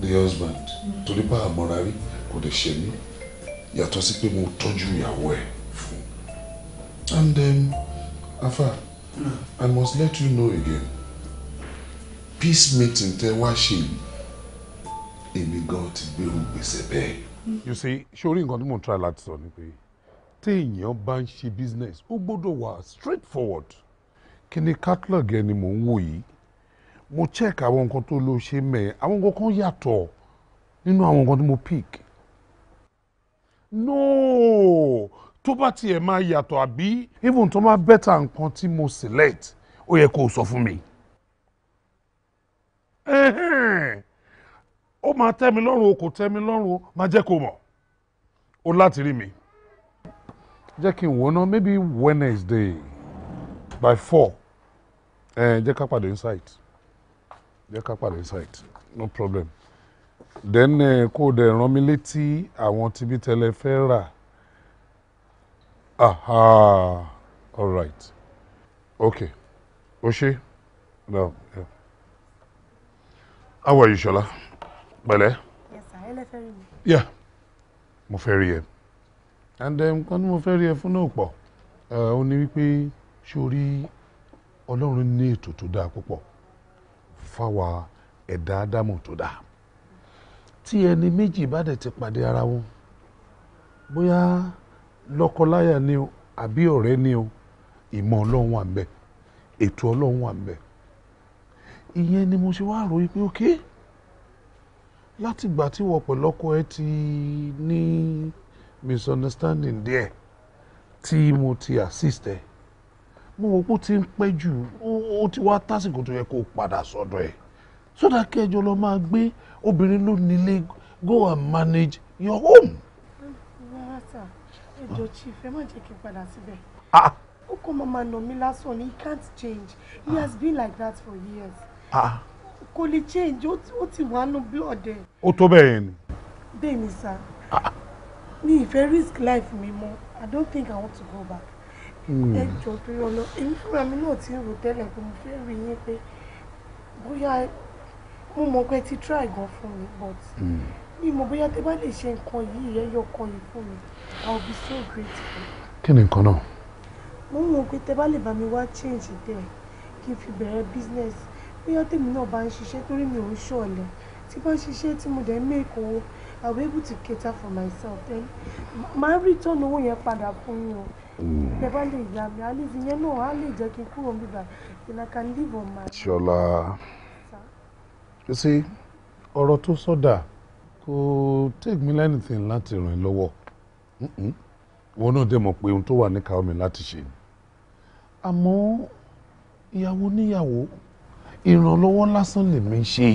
the husband torí bá àmọ́ra rí kò lè ṣe mí yàtọ̀ sí pé mo tọ́jú ìyàwó ẹ̀ fún and um, afa i must let you know again peace meeting tẹ wá ṣe yìí èmi gan ti gbé ohun gbèsè bẹ́ẹ̀. you see sori nǹkan tí mo ń try láti sọ ni pé téèyàn bá ń ṣe business ó gbọ́dọ̀ wà straightforward kí ni catalog ẹni mò ń wò yìí mo check àwọn nǹkan tó lọ ṣe mẹ́ẹ̀ àwọn nǹkan kan yàtọ̀ nínú àwọn nǹkan tí mo pick no tó bá tiẹ̀ máa yàtọ̀ àbí even tó máa bẹ́tà nǹkan tí mo select ó yẹ kó o sọ fún mi. ó máa tẹ́ mi lọ́rùn o kò tẹ́ mi lọ́rùn o máa jẹ́ kó mọ̀ o láti rí mi. jẹ́ kí n wò ná maybe Wednesday by four jẹ́ ká pàdé insight. jẹ́ ká pàdé inside no problem then uh, kó o dẹ̀ rán mi létí àwọn tibí tẹ́lẹ̀ fẹ́ rà aha all right okay o ṣe no how are you Ṣọlá pẹ̀lẹ́. yes sir ẹ lè yeah mo fẹ́ rí ẹ and eh, nǹkan tí mo fẹ́ rí ẹ fún náà pọ̀ eh, ó ní wípé ṣé o rí ọlọ́run ní ètò tó dáa púpọ̀ fáwa ẹ̀dá ádámù tó dáa tí ẹni méjì bá dẹ̀ ti pàdé ara wọn bóyá lọ́kọláya ni o àbí ọ̀rẹ́ ni o ìmọ̀ ọlọ́run wà ń bẹ̀ ètò ọlọ́run wà ìyẹn ni mo ṣe wá rò wípé ókè látìgbà tí wọ́n pẹ̀lú ẹ ti ní misunderstanding díẹ̀ tí mo ti assist ẹ mo wò pé ó ti ń pẹ́ jù ó ti wá tásìkò tó yẹ kó padà sọ́dọ̀ ẹ̀ sódà kẹjọ lọ máa gbé obìnrin ló nílé go and manage your home.
rárá sà ẹjọ chief ẹ má jẹ́ kí n padà síbẹ̀. Ah, ah. ó kọ́ mọ́ máa nà mí lásán ni he can't change he ah. has been like that for years. kò lè change ó ti wà nù blood ẹ.
ó tó bẹ́ẹ̀ yẹn ni.
bẹ́ẹ̀ ni sà mi ìfẹ́ risk life mi mọ́ i don't think i want to go back hmm. ẹ jọ torí ọlọ èmi fúnra mi náà ti ń rò tẹ́lẹ̀ pé mo fẹ́ rí yín pé bóyá mo mọ̀ pé ti try gan fún mi but hmm. mi mọ̀ bóyá tẹ bá lè ṣe nǹkan yìí ẹyọ kan yìí fún mi i will be so grateful. kí ni nǹkan náà. mo mọ̀ pé tẹ bá lè bá mi wá change there kí n fi bẹ̀rẹ̀ business bóyá tèmi náà bá ń ṣiṣẹ́ torí mi ò ń ṣọ̀lẹ̀ tí bá ń ṣiṣẹ́ tí mo dẹ̀ ń make owó i will be able to cater for myself then my return owó yẹn padà fún yín o hmm. tẹ bá lè yá mi àlejò yẹn náà á lè jẹ́ kí n kúrò níbà then i can live on my.
ṣọlá you see ọ̀rọ̀ tó sọ̀dà kò take me anything láti ràn ẹ́ lọ́wọ́ wọn náà dẹ̀ mọ̀ pé ohun tó wà ní kàwé mi láti ṣe ni àmọ́ ìyàwó níyàwó ìrànlọ́wọ́ lásán lèmi ṣe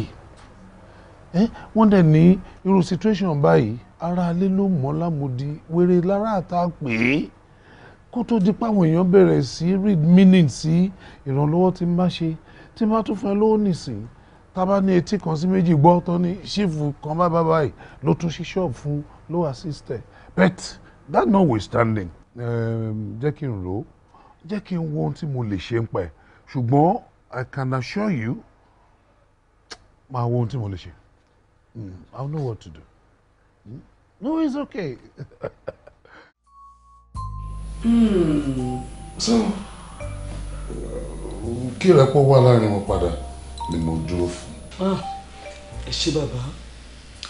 wọ́n dẹ̀ ní irú situation báyìí ara alé ló mọ́ lámòdì wéré lára àtà pé kó tó di páwọn èèyàn bẹ̀rẹ̀ sí read meaning sí ìrànlọ́wọ́ tí n bá ṣe tí n bá tún fẹ́ lọ́wọ́ nìsín tábà ní etí kan sí méjì gbọ́ tó ní ṣífù kan bá bá báyìí ló tún ṣí ṣọ́ọ̀bù fún ló assist ẹ̀ but that notwithstanding um, jẹ́ kí n rò ó jẹ́ kí n wo ohun tí mo lè ṣe ń pẹ́ ṣùgbọ́n I can assure you máa wo ohun tí mo lè ṣe hmm, I know what to do hmm? no it's okay. hmm. so kí rẹ pọ̀ wà láàrin wọn padà ni mo dúró
fún. Ah, ẹ ṣé bàbá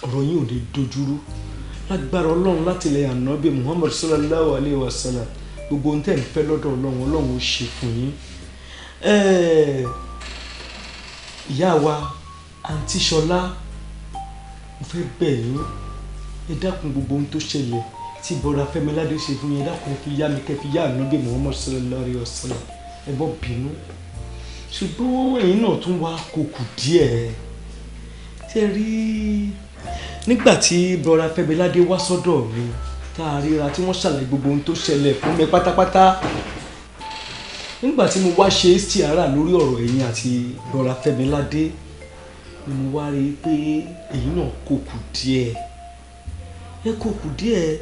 ọ̀rọ̀ yín ò lè dojúrú lágbára ọlọ́run láti ilẹ̀ ànábì muhammad sallallahu alayhi wa sallam gbogbo ohun tẹ́ ń fẹ́ lọ́dọ̀ ọlọ́run ọlọ́run ó ṣe fún yín. ìyá wa àǹtí ṣọlá mo fẹ́ bẹ̀ yín ẹ dákun gbogbo ohun tó ṣẹlẹ̀ tí bọ́ra fẹ́mi ṣe fún yín ẹ dákun fi yá mi kẹ́ fi yá ànábì muhammad sallallahu alayhi wa sallam ẹ bọ́ bínú ṣùgbọ́n ẹ̀yin náà tún wá kókù díẹ̀ ṣe rí nígbà tí bọ́ra Fẹ́mi-ládé wá sọ́dọ̀ mi tá a ríra tí wọ́n ṣàlàyé gbogbo ohun tó ṣẹlẹ̀ fún mi pátápátá nígbà tí mo wá ṣe stiara lórí ọ̀rọ̀ ẹ̀yin àti bọ́ra Fẹ́mi-ládé ni mo wá rí i pé ẹ̀yin náà kókù díẹ̀ ẹ kókù díẹ̀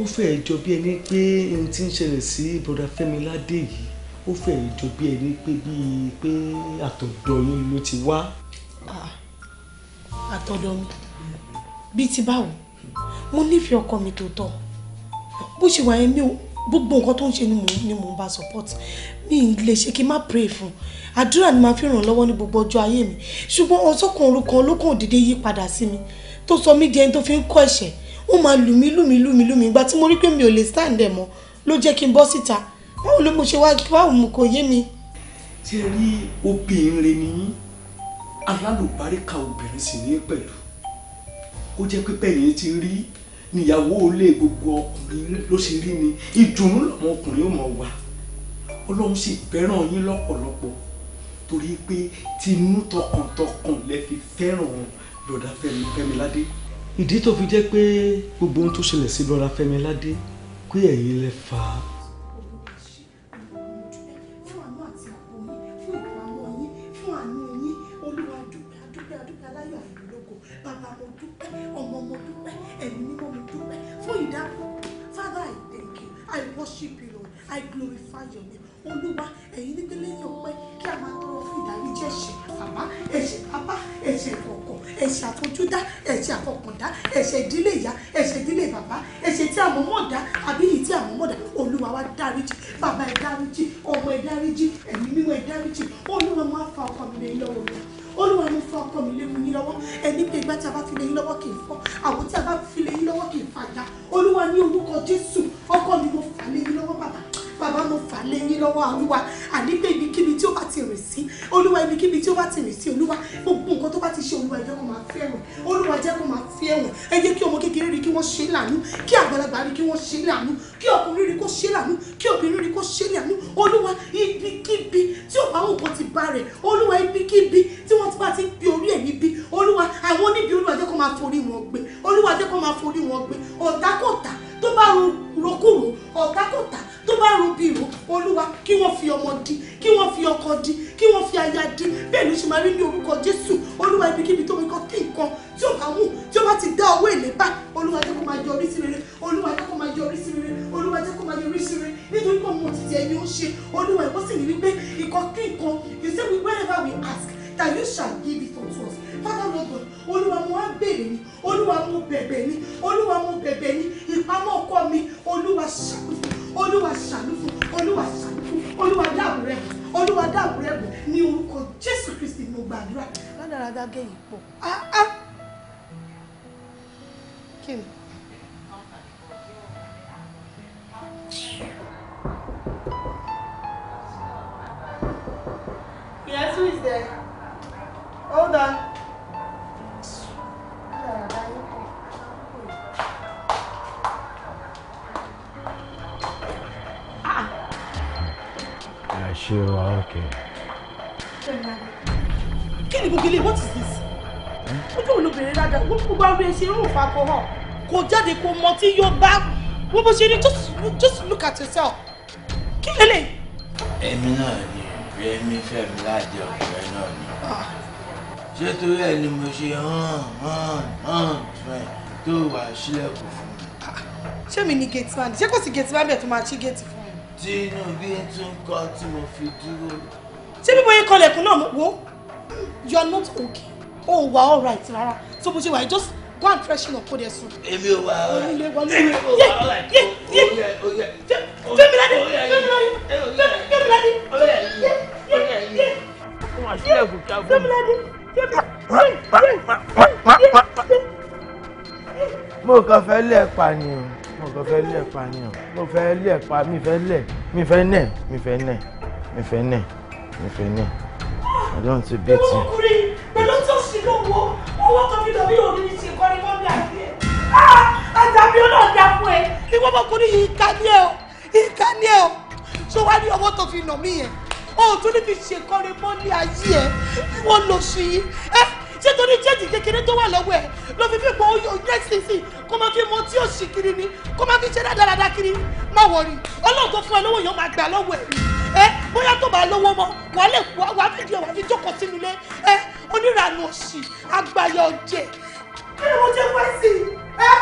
ó fẹ́ẹ́ jọ bí ẹni pé ohun tí ń ṣẹlẹ̀ sí bọ́ra Fẹ́mi-ládé yìí ó fẹ̀rẹ̀ jọ bí ẹni pé bíi pé àtọ̀dọ̀ yín ló ti wá.
Ah, àtọ̀dọ̀ mi bíi ti báwo mo nífẹ̀ẹ́ ọkọ mi tó tọ́ bó ṣe wà yẹn mi ò gbogbo nǹkan tó ń ṣe ni mò ń bá support mi lè ṣe kí n má pray fún àdúrà ni màá fi ràn lọ́wọ́ ní gbogbo ọjọ́ ayé mi ṣùgbọ́n ọ̀sọ́kùnrin kan ló kàn yí padà sí mi tó sọ mí di ẹni tó fi ń kọ́ ẹ̀ṣẹ̀ ó máa lù mí tí mo rí pé mi ò lè stand ẹ̀ mọ́ ló jẹ́ kí n bọ́ síta báwo ló mo ṣe wá báwo mo kò yé mi.
tí ẹ rí obìnrin rẹ nìyí alálùbáríkà obìnrin sì ní pẹ̀lú ó jẹ́ pé bẹ́ẹ̀ yẹn ti rí níyàwó ilé gbogbo ọkùnrin ló ṣe rí ni ìdùnnú làwọn ọkùnrin ó mọ̀ wá
ọlọ́run sì fẹ́ràn yín lọ́pọ̀lọpọ̀ torí pé tinú tọkàntọkàn
lẹ fi fẹ́ràn lọ́dà fẹ́mi fẹ́miládé. ìdí tó fi jẹ́ pé gbogbo ohun tó ṣẹlẹ̀ sí lọ́dà fẹ́miládé pé ẹ̀yin lẹ fà á
I glorify your name. Olúwa ẹ̀yin ní pélé ní ọpẹ́ kí a máa tọrọ fún ìdáríjì ẹ̀ṣẹ̀ bàbá ẹ̀ṣẹ̀ bàbá ẹ̀ṣẹ̀ ìkọ̀kọ̀ ẹ̀ṣẹ̀ àfojúdá ẹ̀ṣẹ̀ àfọkàndá ẹ̀ṣẹ̀ ìdílé ìyá ẹ̀ṣẹ̀ ìdílé bàbá ẹ̀ṣẹ̀ tí a mọ̀mọ́ dá àbí èyí tí a mọ̀mọ́ dá Olúwa wa dáríjì bàbá ẹ dáríjì ọmọ ẹ dáríjì ẹ̀mí mímọ́ ẹ dáríjì Olúwa máa fa ọkọ mi lé lọ́wọ́ mi olúwa mo fọ ọkọ mi léwu yín lọ́wọ́ ẹni pé ìgbà tí a bá fi lé yín lọ́wọ́ kì í fọ́ àwọn tí a bá fi lé yín lọ́wọ́ kì í fàjà olúwa ní orúkọ jésù ọkọ mi mo fà lé yín lọ́wọ́ bàbá bàbá mo fà lẹ́yìn lọ́wọ́ olúwa àní pé ibikíbi tí ó bá ti rìn sí olúwa ibikíbi tí ó bá ti rìn sí olúwa gbogbo nǹkan tó bá ti ṣe olúwa ẹ jẹ́ kó máa fẹ́ ẹ̀wọ̀n olúwa jẹ́ kó máa fẹ́ ẹ̀wọ̀n ẹ jẹ́ kí ọmọ kékeré rí kí wọ́n ṣe lànú kí àgbàlagbà rí kí wọ́n ṣe lànú kí ọkùnrin rí kó ṣe lànú kí obìnrin rí kó ṣe lànú olúwa ibikíbi tí ó bá wù kó ti bá rẹ̀ olúwa ibikíbi tí wọ́n bá ti ń orí ẹ̀ níbi olúwa àwọn oníbi olúwa jẹ́ kó máa
forí wọn gbé
olúwa jẹ́ kó máa forí wọn gbé ọ̀tá tó bá rokúrò ọ̀tá bá ro bí ro olúwa kí
wọ́n fi ọmọ di kí wọ́n fi ọkọ di kí wọ́n fi aya di bẹ́ẹ̀ ló ṣe máa rí ní orúkọ jésù olúwa ibikíbi tó ń kọ́ kí nǹkan tí ó bá wù tí ó bá ti dá ọwọ́ èlé bá olúwa jẹ́ kó máa yọrí sí rere olúwa jẹ́ kó máa yọrí sí rere olúwa jẹ́ kó máa yọrí sí rere nítorí pé mo ti tiẹ̀ yóò ṣe olúwa ẹ̀kọ́ sì ní wípé ìkọ́ kí nǹkan you say wherever we ask that you shall give it unto us father bó just just look at yourself kí lélẹ̀. èmi náà ni ìrírí ẹ̀mí fẹ́mi láàdé ọ̀rẹ́ náà ni ah. ṣé torí ẹ ni mo ṣe hàn hàn hàn fún ẹ tó wà sílẹ̀kùn fún mi. Ah, ṣé mi ni gate man ṣé kò sí gate man bẹ́ẹ̀ tó máa ṣí gate fún mi. tí inú bí n tún kọ́ tí mo fi dúró.
ṣé bí bóyá kọlẹ̀kùn náà wo you are not okay o oh, wa all right rárá so bó ṣe wà yìí just go and freshen up kó dẹ̀ sùn.
èmi ò wá ọ̀rẹ́ oh, èmi ò wá ọ̀rẹ́ oyè oyè fẹ́miládé fẹ́miládé fẹ́miládé oyè oyè fẹ́miládé fẹ́miládé. mo kàn fẹ́ lẹ̀ pa ni o mo kàn fẹ́ lẹ̀ pa ni o mo fẹ́ lẹ̀ pa mi fẹ́ lẹ̀ mi fẹ́ nẹ̀ mi fẹ́ nẹ̀ mi fẹ́ nẹ̀ mi fẹ́ nẹ̀. I don't want to beat you. They don't just see no war. Wọ́n wá tọ́jú dàbí òní ní ṣe kọ́ni kọ́ni àti ẹ̀. Àjàbí ọ̀nà dá fún ẹ. Ìwọ́n ọmọkùnrin yìí ká ní ẹ o. Ìka ní ẹ o. Ṣé wàá ní ọwọ́ tó fi nà mí yẹn? O ò tún ní fi ṣe kọ́ni mọ́ ní ayé ẹ. Wọ́n lọ ṣé torí jẹ́ẹ̀dì kékeré tó wà lọ́wọ́ ẹ̀ ló fi fi pọ̀ oyè nẹ́sìsì kó máa fi mọ tí ó ṣì kiri ni kó máa fi ṣe dáadáa kiri má wọrí ọlọ́run tó fún ẹ lọ́wọ́ yẹn máa gbà lọ́wọ́ ẹ̀ ẹ bóyá tó bá lówó mọ wà á lè wà á fi di ọ̀wà fi jókòó sínú ilé ẹ onírànú òṣì àgbáyọ ọ̀jẹ̀ kí ni mo ṣe fẹ́ sí ẹ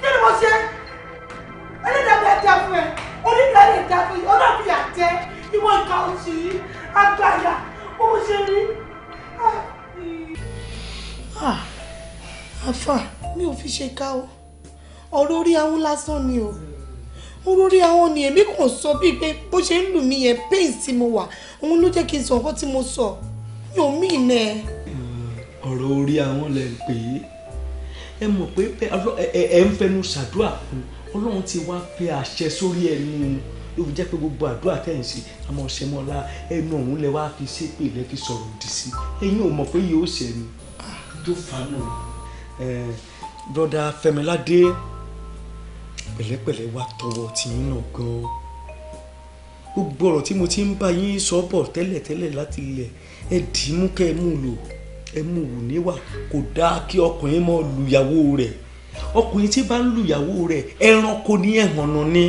kí ni mo ṣe ẹlẹ́dàgbẹ́ ẹ̀dá fún ẹ onídàáyé ẹ̀dá fún ẹ ọlọ́ọ̀fìyà jẹ ìwọ ìka òṣì yìí àgbáyà ṣe rí.
Ah
àfà mi ò fi ṣe ká o ọ̀rọ̀ orí ahọ́n lásán ni o ọ̀rọ̀ orí ahọ́n ni èmi kàn sọ bíi pé bó ṣe ń lù mí yẹn pain tí mo wà òun ló jẹ́ kí n sọ nǹkan tí mo sọ mi ò mí ìnà ẹ.
ọ̀rọ̀ orí ahọ́n lẹ ń pè é ẹ mọ̀ pé ẹ ń fẹnu ṣàdúrà fún ọlọ́run ti wá fẹ́ àṣẹ sórí ẹnu yóò jẹ́ pé gbogbo àdúrà tẹ̀ ń ṣe àmọ́ ṣe mọ́ la ẹnu ọ̀hún lẹ wá fi ṣépè lẹ fi sọ̀rọ̀ òdì sí ẹ̀yin ò mọ̀ pé yóò ṣẹ̀ tó fanu. broda Fẹ́miládé pẹ̀lẹ́pẹ̀lẹ́ wá tọwọ́ tìyín náà gan-an gbogbo ọ̀rọ̀ tí mo ti ń bá yín sọ bọ̀ tẹ́lẹ̀tẹ́lẹ̀ láti ilẹ̀ ẹ dì í mú kẹ́ ẹ mú lò ẹ mú wù níwà kò dáa kí ọkùnrin mọ́ lùyàwó rẹ̀ ọkùnrin tí bá ń lùyàwó rẹ̀ ẹranko ní ẹ̀hànnà ni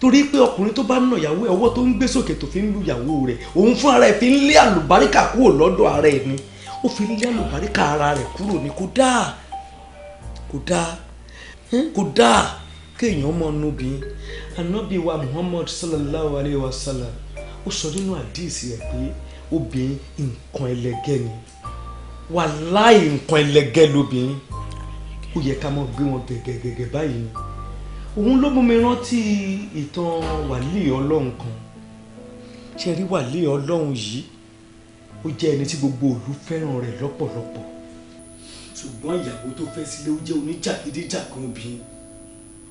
torí pé ọkùnrin tó bá ń nàyàwó ẹ̀ ọwọ́ tó ń gbé sókè tó fi ń lùyàwó rẹ̀ òun fún ara ẹ̀ fi ń lé àlùbáríkà kúrò lọ́dọ̀ ara ẹ̀ ni ó fi ní yálò bàríkà ara rẹ̀ kúrò ní kò dáa kò dáa hmm? kò dáa kéèyàn ọmọ nubin anabi muhammad sallallahu alayhi wa sallam ó sọ nínú àdìsí ẹ pé obìnrin nǹkan ẹlẹgẹ́ ni wàláì nǹkan ẹlẹgẹ́ lóbìnrin ó yẹ ká mọ gbé wọn gẹgẹgẹgẹ báyìí ni òun ló mú mi rántí ìtàn wàlíì ọlọ́run kan ṣe rí wàlíì ọlọ́run yìí ó jẹ́ ẹni tí gbogbo òlu fẹ́ràn rẹ̀ lọ́pọ̀lọpọ̀ ṣùgbọ́n ìyàwó tó fẹ́ sílé ó jẹ́ oníjàgídíjàgan obìnrin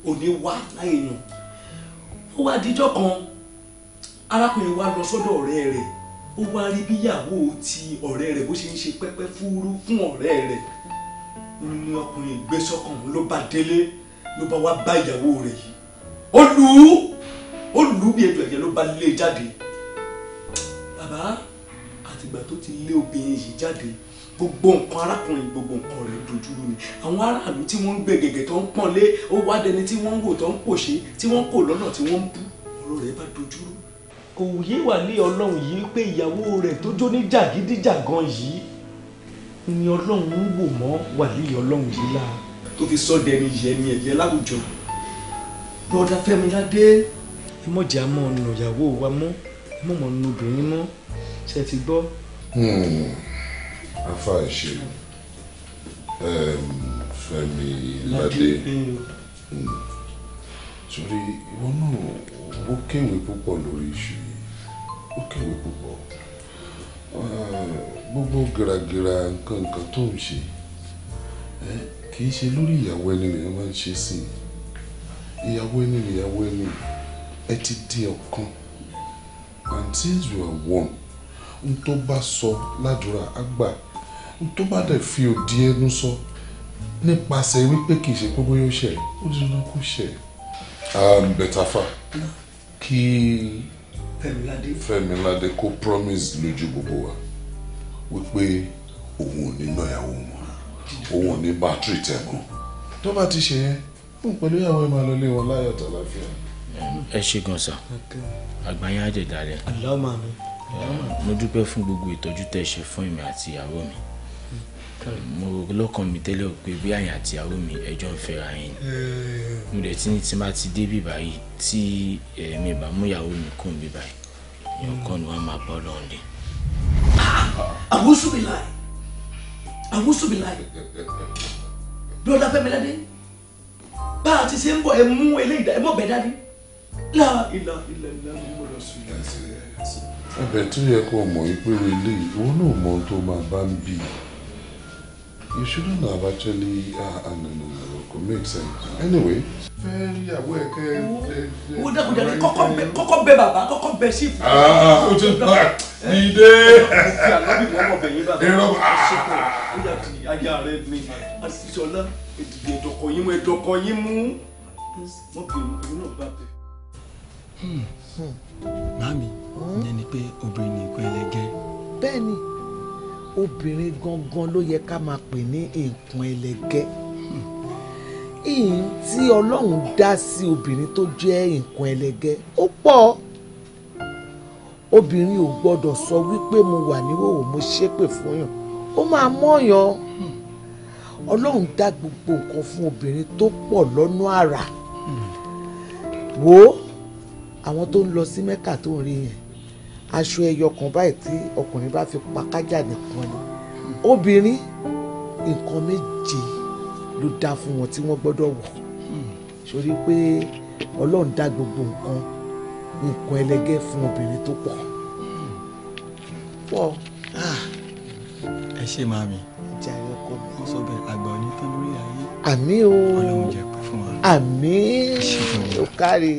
òní wá láyèyàn ó wá díjọ́ kan arákùnrin wa lọ sọ́dọ̀ ọ̀rẹ́ rẹ̀ ó wá rí bí ìyàwó ti ọ̀rẹ́ rẹ̀ bó ṣe ń ṣe pẹ́pẹ́ fúrú fún ọ̀rẹ́ rẹ̀ ní ọkùnrin ìgbésọ́kàn ló bá délé ló bá wá bá ìyàwó rẹ̀ yìí ó lù ú ó lù ú bí ètò ẹ̀jẹ̀ ló bá lé e jáde bàbá àtìgbà tó ti lé obìnrin yìí jáde gbogbo nǹkan arákùnrin gbogbo nǹkan rẹ̀ dojúrú ni àwọn aráàlú tí wọ́n ń gbé gègé tó ń pọ́n lé ó wá tí wọ́n ń wò tó ń pòṣé tí wọ́n kò lọ́nà tí wọ́n ń bú ọ̀rọ̀ rẹ̀ bá dojúrú. kò yé wà ní ọlọ́run yìí pé ìyàwó rẹ̀ tó jó ní jàgídíjàgan yìí ni ọlọ́run ń wò mọ́ wà ní ọlọ́run yìí la. tó fi sọ dẹni yẹ ni láwùjọ bọ́dà Fẹ́mi ládé ẹ mọ̀jà mọ̀ ọ̀nà wa mọ́ ẹ mọ̀ mọ̀ ọ̀nà mọ́ ṣe ti gbọ́. Hmm.
afa ìṣèlú Fẹ́mi Ládé
hmm.
sórí ìwọ náà ó kéwèé púpọ̀ lórí iṣu yìí ó kéwèé púpọ̀ eh, gbogbo gìràgìrà nǹkan nǹkan tó ń ṣe eh, kì í ṣe lórí ìyàwó ẹni nìyẹn máa ń ṣe sí i ìyàwó ẹni nìyàwó ẹni ẹ ti di ọ̀kan and since you are one n tó bá sọ ládùúrà á gbà n tó bá dẹ̀ fi òdi ẹnu sọ nípasẹ̀ wípé kì í ṣe pé bóyá ó ṣẹ̀ ó ti lọ kó ṣẹ̀. Um, bẹ̀tàfà kí Fẹ́miládé kó promise lójú gbogbo wa wípé òun ò ní ná
ìyàwó mọ́ òun ò ní bá treat ẹ̀ mọ́
tó bá ti ṣe yẹn fún pẹ̀lú ìyàwó ẹ̀ máa lọ lé wọn láyọ̀ tàlàfíà. ẹ
ṣe gan sa àgbáyé àjẹjà rẹ. àlọ́ màmí mo dúpẹ́ fún gbogbo ìtọ́jú tẹ́ ṣe fún èmi àti ìyàwó mi mo lọ́kàn mi tẹ́lẹ̀ pé bí àyàn àti ìyàwó mi ẹjọ́ ń fẹ́ra yín mo dẹ̀ tí tí má ti dé bíbá yìí tí ẹ̀mí ìbá mú ìyàwó mi kún bíbá yìí èèyàn kan ni wọ́n máa bọ́ lọ́n lé. àwùsù mi láì àwùsù mi láì broda Fẹ́mi Ládé bá a ti ṣe ń bọ̀ ẹ mú eléyìí dá ẹ mọ̀ bẹ́ẹ̀ dá ní. láà ilà ilà ilà mi mo lọ sùn
ẹ̀bẹ̀ tó yẹ kó mọ̀ pé ilé ìwọ náà mọ tó máa bá ń bì you shouldn't have actually ah ah no no no kò make sense anyway. fẹ́ẹ́ yàwó ẹ̀ kẹ́ ẹ. owó
dàgbàdàgbà kọ́kọ́ bẹ kọ́kọ́ bẹ bàbá kọ́kọ́ bẹ sí. ah o ah, ti bá ìdè. ẹ̀rọ ajá rẹ mi àṣìṣọlá ètùtù ìdọ̀kọ̀ yín mú ìdọ̀kọ̀ yín mú wọ́n bẹ̀rù ìdọ̀kọ̀ náà bá bẹ̀.
Hmm, hmm. màmí ìyẹn
ni pé obìnrin ní nǹkan ẹlẹgẹ́. bẹ́ẹ̀ni obìnrin gangan ló yẹ ká máa pè ní nǹkan ẹlẹgẹ́ ìyìn tí ọlọ́run dá sí obìnrin tó jẹ́ nǹkan ẹlẹgẹ́ ó pọ̀ obìnrin ò gbọ́dọ̀ sọ wípé mo wà níwòwò mo ṣépè fún yàn ó máa mọ̀yàn ọlọ́run dá gbogbo nǹkan fún obìnrin tó pọ̀ lọ́nà àrà wo àwọn tó ń lọ sí mẹ́kà tó ń rí yẹn aṣọ ẹyọ kan báyìí tí ọkùnrin bá fi pa kájà nìkan ni obìnrin nǹkan méje ló dá fún wọn tí wọ́n gbọ́dọ̀ wọ̀ sórí pé ọlọ́run dá gbogbo nǹkan nǹkan ẹlẹgẹ́ fún obìnrin tó pọ̀ pọ̀ ah. ẹ ṣe máa mi jàre ọkọ mi. wọ́n sọ bẹ́ẹ̀ àgbà òní tán lórí ayé. àmì o àmì o kárí.